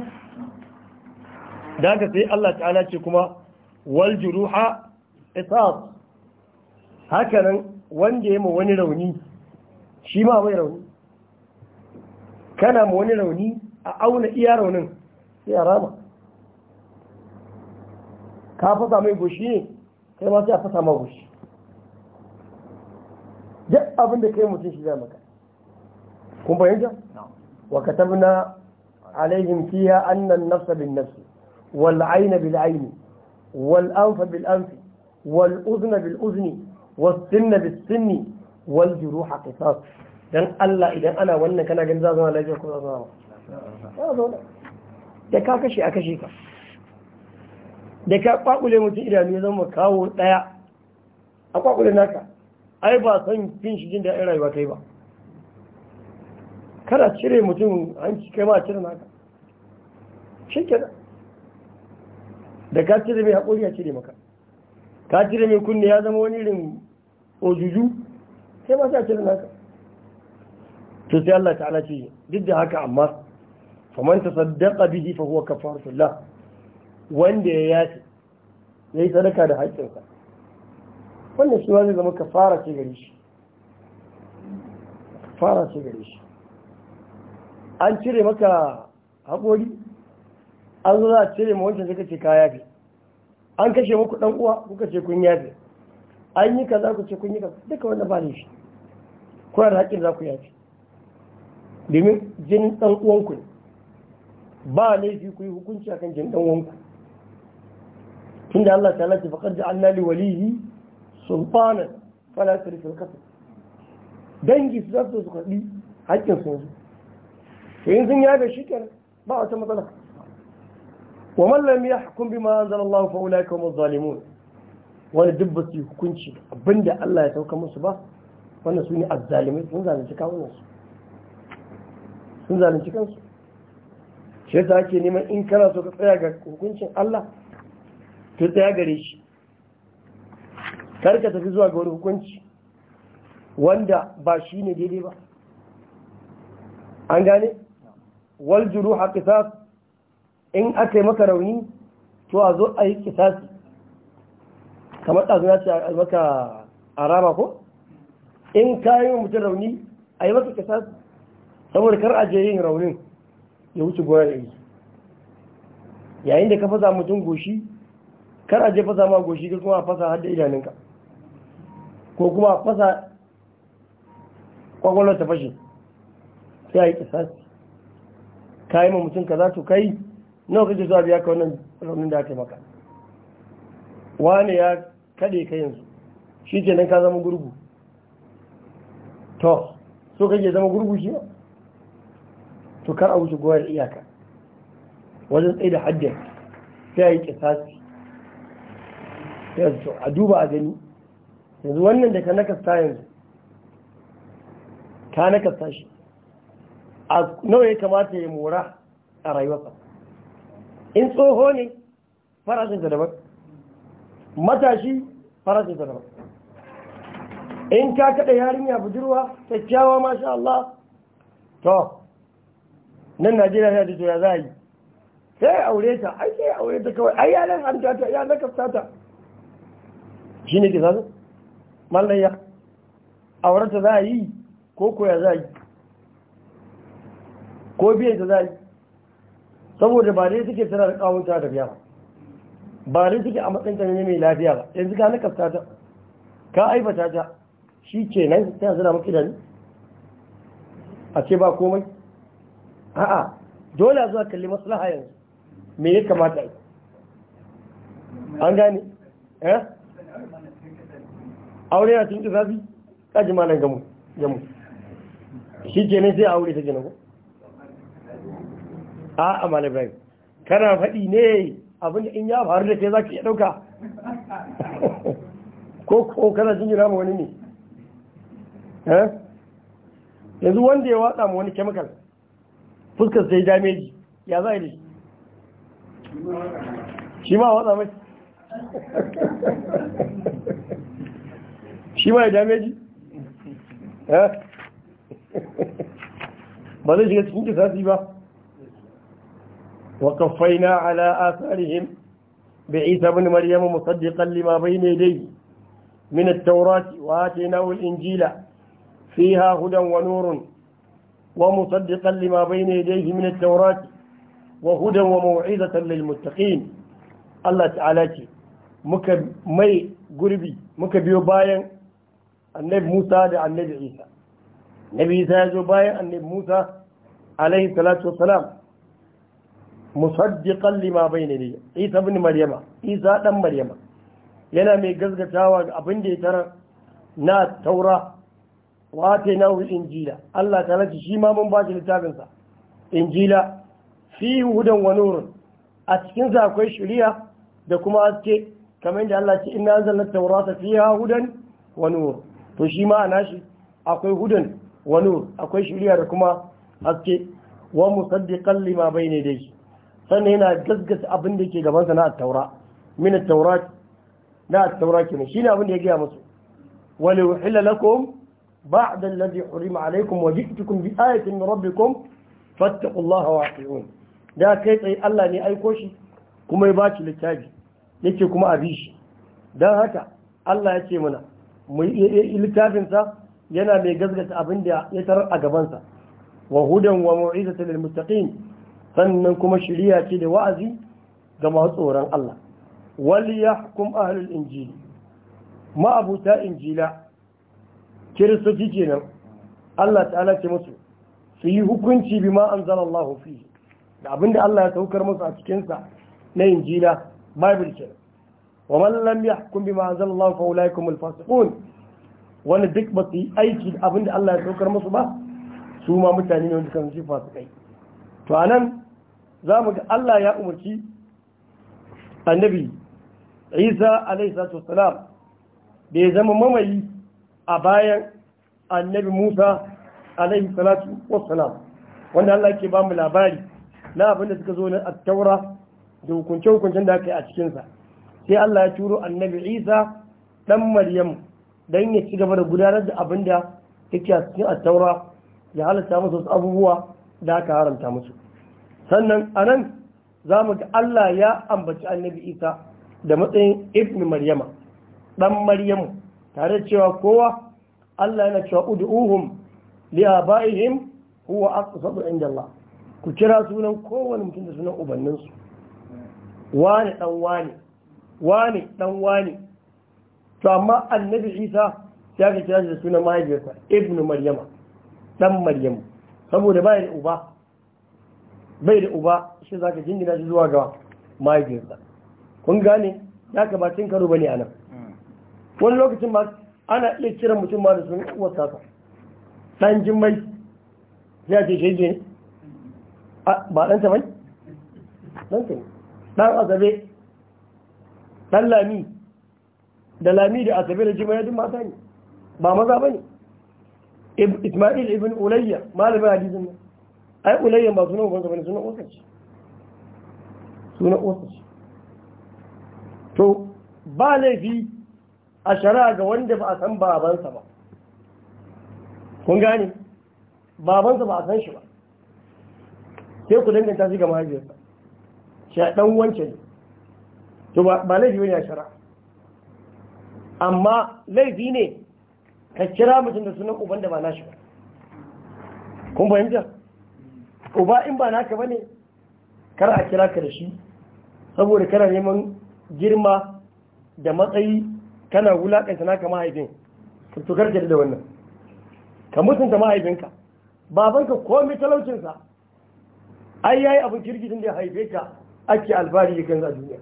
da haka sai Allah ta'ala ce kuma wal juruha isas hakanan wanda ya ma wani rauni shi ma mai rauni kana ma wani rauni a auna iya raunin sai a rama ka fasa mai goshi ne kai ma sai a fasa ma goshi duk abin da kai mutum shi zai maka kun bayanta? wa katabna alaihim fiha anna an-nafsa bin-nafs wal-'ayna bil-'ayni wal-anfa bil-anfi wal-udhna bil-udhni was-sinna bis-sinni wal-juruha qisas dan Allah idan ana wannan kana ganin za zama lafiya ko za zama ya zauna da ka kashe a kashe ka da ka kwakule mutum idanu ya zama kawo daya a kwakule naka ai ba son fin shi jin daɗin rayuwa kai ba kada cire mutum hanci kai ma cire naka shi ke da ka cire mai haƙuri ya cire maka ka cire mai kunne ya zama wani irin ojuju sai ma sa cire naka to sai Allah ta'ala ce duk da haka amma faman tasaddaqa bihi fa huwa kafaratu lah wanda ya yace yayi sadaka da haƙƙinsa wannan shi zai zama kafara ce gare shi kafara ce gare shi an cire maka hakori an zo za a cire ma wancan sai kace ka yafe an kashe muku dan uwa kuka ce kun yafe an yi kaza ku ce kun yi kaza duka wanda ba ne shi kuna da hakkin za ku yafe domin jin dan uwanku ne ba laifi ku yi hukunci akan jin dan wanku tunda Allah ta lati faqad ja'alna li walihi sultana fala yusrif fil dangi su zasu su kadi haƙƙin su to yanzu ya da shi kenan ba wata matsala wa man lam yahkum bima anzala Allah fa ulaika hum zalimun wani duk ba su hukunci abinda Allah ya sauka musu ba wannan su ne azzalimai sun zalunci kawunan sun zalunci kansu shi yasa ake neman in kana so ka tsaya ga hukuncin Allah to tsaya gare shi kar ka tafi zuwa ga wani hukunci wanda ba shi ne daidai ba an gane wal juruha qisas in aka yi maka rauni to a zo a yi ƙisasi. kamar ɗazuna ce a maka arama ko in kayan mutum rauni a yi maka ƙisasi? saboda kar a je yin raunin ya wuce gona da iri yayin da ka fasa mutum goshi kar a je fasa ma goshi ka kuma a fasa har da idanunka ko kuma a fasa kwakwalwar ta fashe sai a yi kisasi ka yi ma mutum za to kai nawa kake zuwa biya ka wannan raunin da aka maka wane ya kaɗe ka yanzu shi nan ka zama gurgu to so kake zama gurgu shi ba to kar a wuce goyar iyaka wajen tsaye da haddin sai a yi kisasi yanzu a duba a gani yanzu wannan da ka nakasta yanzu ka nakasta shi a nawa ya kamata ya mora a rayuwarsa in tsoho ne farashinsa daban matashi farashinsa daban in ka kaɗa yarinya budurwa ta kyakkyawa masha Allah to nan najeriya da ya za a yi sai ya aure ta ai sai ya aure ta kawai ai yanar an ta ya nakasta ta shi ne ke sasa mallayya aurata za a yi ko koya za a yi ko biyan ta za a yi saboda ba dai suke tana da kawun ta da biya ba dai suke a matsayin ne mai lafiya ba yanzu ka nakasta ta ka aibata ta shi ke nan ta zira maki da ni a ce ba komai a'a dole zuwa kalli maslaha yanzu me ya kamata an gane eh aure na cikin zafi kaji na gamu gamu shi kenan sai aure ta gina ko a'a malam ibrahim kana faɗi ne abinda in ya faru da kai za ka iya ɗauka ko ko kana jingira ma wani ne eh? yanzu wanda ya watsa ma wani chemical fuskar sai dame ji ya za ne shi ma wata mai shi ma ya dame ji eh? ba zai shiga cikin kisasi ba wa kafaina ala asarihim bi isa bin maryam musaddiqan lima ne dai min at-taurati wa atayna al-injila fiha hudan wa ومصدقا لما بين يديه من التوراة وهدى وموعظة للمتقين الله تعالى muka mai gurbi muka biyo bayan annabi Musa da annabi Isa nabi Isa ya zo bayan annabi Musa alaihi salatu wassalam musaddiqan lima bayna li Isa ibn Maryama Isa dan Maryama yana mai gazgatawa ga abin ya na taura wata na injila Allah ta race shi ma mun ba shi littafinsa injila fi hudan wa nurun a cikinsa akwai shari'a da kuma aske. kamar yadda Allah ce inna anzalna tawrata fiha hudan wa nur to shi ma ana shi akwai hudan wa nur akwai shari'a da kuma aske. wa musaddiqan lima bayna dai sannan yana gaskata abin da yake gaban sa na taura min at-taurat na at-taura kenan shine abin da ya gaya musu wa la uhilla lakum بعد الذي حرم عليكم وجئتكم بآية من ربكم فاتقوا الله واطيعون da kai tsaye Allah ne aiko shi kuma ya baci littafi yake kuma a bi shi don haka Allah ya ce mana littafinsa yana mai gazgata abin da ya tarar a gabansa wa hudan wa mu'izata lil sannan kuma shiriya ce da wa'azi ga masu tsoron Allah wal yahkum ahlul injili ma'abuta injila kiristoci kenan Allah ta'ala ce musu su yi hukunci bi ma anzalallahu fi da abinda Allah ya saukar musu a cikinsa sa na injila bible kenan wa man lam yahkum bima anzalallahu fa ulaikum alfasiqun wanda duk ba su yi aiki da abinda Allah ya saukar musu ba su ma mutane ne wanda kan su fasikai to anan za mu ga Allah ya umarci annabi Isa alaihi salatu wassalam da ya zama mamayi a bayan annabi Musa alaihi salatu wassalam wanda Allah ke ba mu labari na abinda suka zo na attaura taura da hukunce hukuncen da aka yi a cikinsa, sai Allah ya turo annabi Isa ɗan Maryam don ya ci gaba da gudanar da abinda da yake a cikin attaura ya halatta musu wasu abubuwa da aka haramta musu sannan anan za mu ga Allah ya ambaci annabi Isa da matsayin ibn Maryama ɗan Maryamu tare cewa kowa Allah yana cewa ud'uhum li abaihim huwa aqsatu inda Allah ku kira sunan kowane mutum da sunan su wani dan wani wani dan wani to amma annabi Isa ya ga kira da sunan mahaifiyarsa ibnu maryama dan maryam saboda bai da uba bai da uba shi zaka jingina shi zuwa ga mahaifiyarsa kun gane ya kamata cin karo bane anan wani lokacin ba ana iya kira mutum ma da sun wasa ba ɗan jimmai ya ce shege ne ba ɗan tamai ɗan ta ɗan azabe ɗan lami da lami da azabe da ya yadda mata ne ba maza ba ne ismail ibn ulayya malamin hadisun ne. ai ulayya ba suna wasa ba ne wasa ce suna wasa ce to ba laifi a shari'a ga wanda ba a san babansa ba kun gane babansa ba a san shi ba sai ku danganta shi ga mahaifiyarsa shi a ɗan wance ne to ba laifi wani a shari'a amma laifi ne ka kira mutum da sunan uban da ba shi ba kun fahimta uba in ba naka ba ne kar a kira ka da shi saboda kana neman girma da matsayi kana wulaƙanta naka mahaifin ka tukar da wannan ka mutunta mahaifinka babanka komai talaucinsa ai yayi abin kirkitin da ya haife ka ake alfahari ya kansa a duniya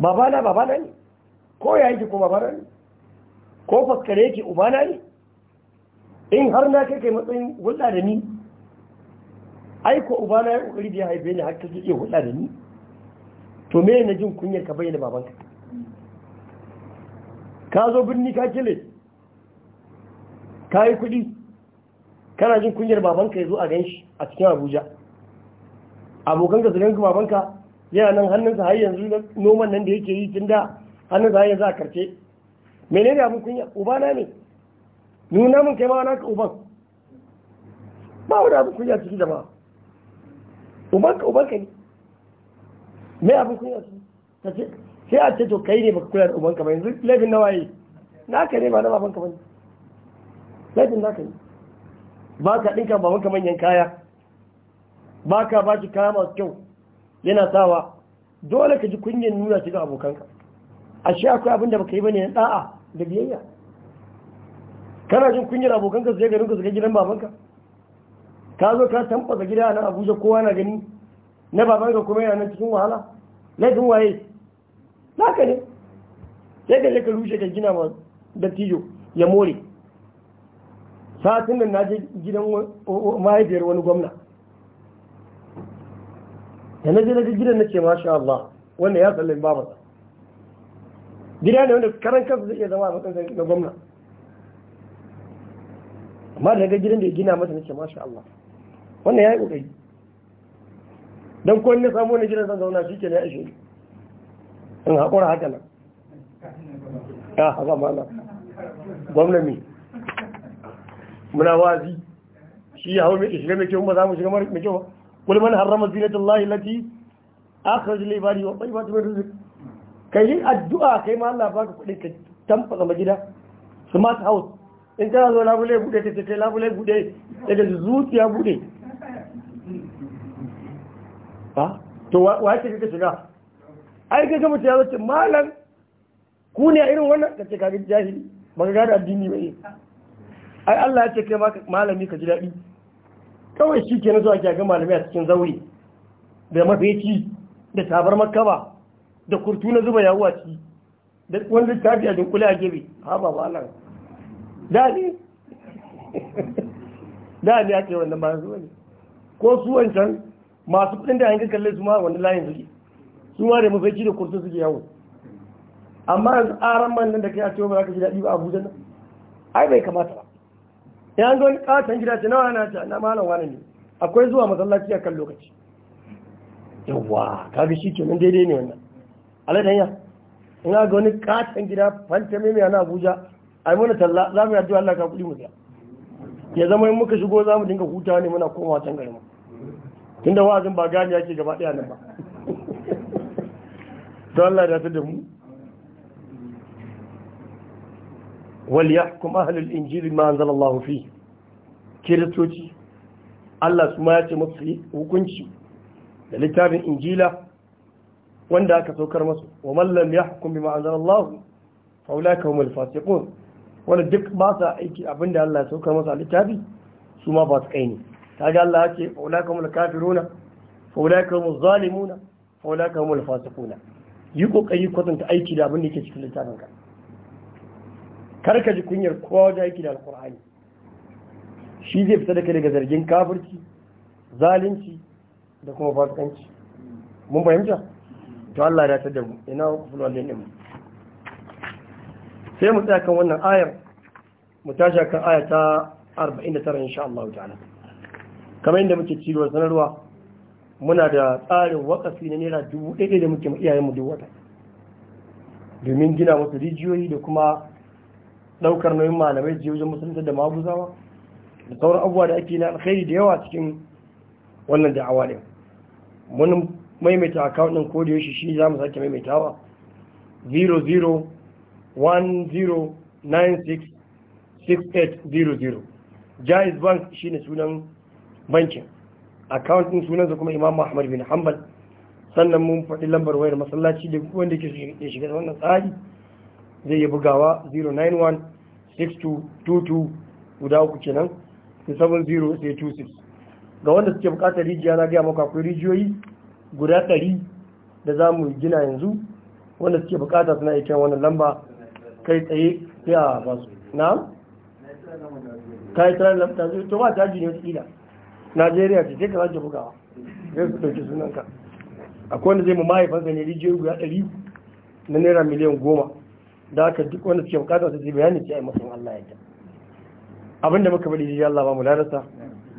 babana babana ne ko ya yake ko babana ne ko faskare yake ubana ne in har na kai kai matsayin hulɗa da ni ai ko ubana ya kokari da ya haife ni har kake iya hulɗa da ni to me na jin kunyar ka bayyana babanka ka zo birni ka kile ka yi kuɗi kana jin kunyar babanka ya zo a gan shi a cikin abuja abokan ka zagan babanka yana nan hannunsa har yanzu noman nan da yake yi tun da hannunsa har yanzu a karce menene abin kunya ubana ne nuna mun kai ma wani ka uban ba wani abin kunya cikin jama'a ubanka ubanka ne me abin kunya su ta ce sai a ce to kai ne baka kula da ubanka ba yanzu laifin na waye naka ne ba na babanka ba ne laifin naka ne ba ka ɗinka babanka manyan kaya ba ka ba ki kaya masu kyau yana sawa dole ka ji kunyan nuna shi ga abokanka a shi akwai abin da baka yi bane na da'a da biyayya kana jin kunyar abokanka su je garin ka su ga gidan babanka ka zo ka tamfasa gida a nan abuja kowa na gani na babanka kuma yana nan cikin wahala laifin waye haka ne sai ka ka rushe ka gina da dattijo ya more satin da na je gidan mahaifiyar wani gwamna da na je na gidan na ce masha Allah wanda ya tsallin ba masa gida ne wanda karan kansa zai iya zama a matsayin na gwamna amma da ga gidan da ya gina masa na ce masha Allah wannan ya yi ƙoƙari don kowanne na samu wani gidan zan zauna shi ke na ya ishe in haƙura haka nan ya haka mana gwamnami muna wazi shi ya hau mai shiga mai kyau ba za mu shiga mai kyau ba kul man harrama zinatul lahi lati akhraj li ibadi wa tayyibatu min rizq kai addu'a kai ma Allah baka kuɗi ka tamfa ga gida smart house in kana zo labule bude ta ce labule bude daga zuciya bude ba to wa ke kake shiga ai ka ga mutum ya zace malam ku ne a irin wannan ka ce jahili ba ga gane addini ba ne ai Allah ya ce kai ma malami ka ji daɗi kawai shi ke na zuwa ga malami a cikin zaure da mafeci da tabar makaba da kurtu na zuba yawo a ciki da ta littafi a kula a gebe ha ba ba Allah da ne da ne ake wannan ba zuwa ne ko su wancan masu kudin da yankin kalle su ma wani layin zuke su ma da mafarki da kurtun suke yawo amma yanzu aran man nan da kai a cewa ba za ka ji daɗi ba abuja nan ai bai kamata ba ya zo wani ƙaton gida ce nawa na ta na malam wani ne akwai zuwa masallaci a kan lokaci yawwa kaga shi ke nan daidai ne wannan aladanya in ga wani ƙaton gida fanta mai na abuja ai muna talla za mu yi addu'a Allah ka kuɗi mu biya ya zama in muka shigo za mu dinga hutawa ne muna komawa can garin tunda wa'azin ba gani yake gaba ɗaya nan ba to Allah da ta da mu wal yahkum ahlul injili ma anzalallahu fi kiristoci Allah su ma ya ce musu hukunci da littafin injila wanda aka saukar masu wa mallam ya hukum bi ma'azar Allah faula ka humul fasiqun wani duk ba sa aiki abinda Allah ya saukar masa littafi su ma ba su kai ne ta ga Allah ya ce faula ka humul kafiruna faula ka humul zalimuna faula ka humul fasiquna yi kokari kwatanta aiki da abin da ke cikin littafin ka kar ka ji kunyar kowa wajen aiki da alkur'ani shi zai fita da kai daga zargin kafirci zalunci da kuma fasikanci mun fahimta to Allah ya tada mu ina fulwan ne mu sai mu tsaya kan wannan ayar mu tashi kan aya ta 49 insha Allah ta'ala kamar inda muke cigaba sanarwa muna da tsarin wakafi na nera dubu ɗaya da muke iyayenmu duk wata domin gina masu rijiyoyi da kuma ɗaukar nauyin malamai da wajen musulunta da maguzawa da sauran abubuwa da ake na alkhairi da yawa cikin wannan da'awa ɗin mun maimaita akawun ɗin ko da yaushe shi za mu sake maimaitawa 6800 jais bank shi ne sunan bankin account din sunansa kuma Imam Ahmad bin Hanbal sannan mun faɗi lambar wayar masallaci da wanda ke ya shiga wannan tsari zai yi bugawa 091 6222 guda uku kenan 70 sai ga wanda suke bukatar rijiya na gaya maka akwai rijiyoyi guda ɗari da za mu gina yanzu wanda suke bukata suna iya kyan wannan lamba kai tsaye sai a basu na? ta yi lamba ta zai to ba ta ji ne wata najeriya ce ce ka za ki bugawa zai su ɗauki sunanka akwai wanda zai mu mahaifansa ne rijiyar guda ɗari na naira miliyan goma da aka duk wanda suke bukata su bayani ce a yi masu Allah ya ta abin da muka bari Allah ba mu larasa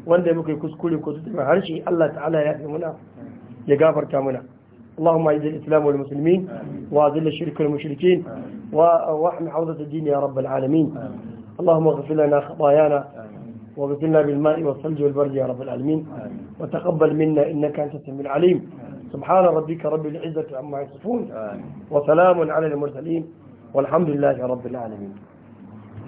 wanda muka yi kuskure ko tutuba harshe Allah ta'ala ya fi muna ya gafarta muna اللهم اعز الاسلام والمسلمين واذل الشرك والمشركين واحمي حوزه الدين يا رب العالمين اللهم اغفر لنا خطايانا وبدلنا بالماء والثلج والبرد يا رب العالمين وتقبل منا إنك أنت السميع العليم سبحان ربك رب العزة عما يصفون وسلام على المرسلين والحمد لله رب العالمين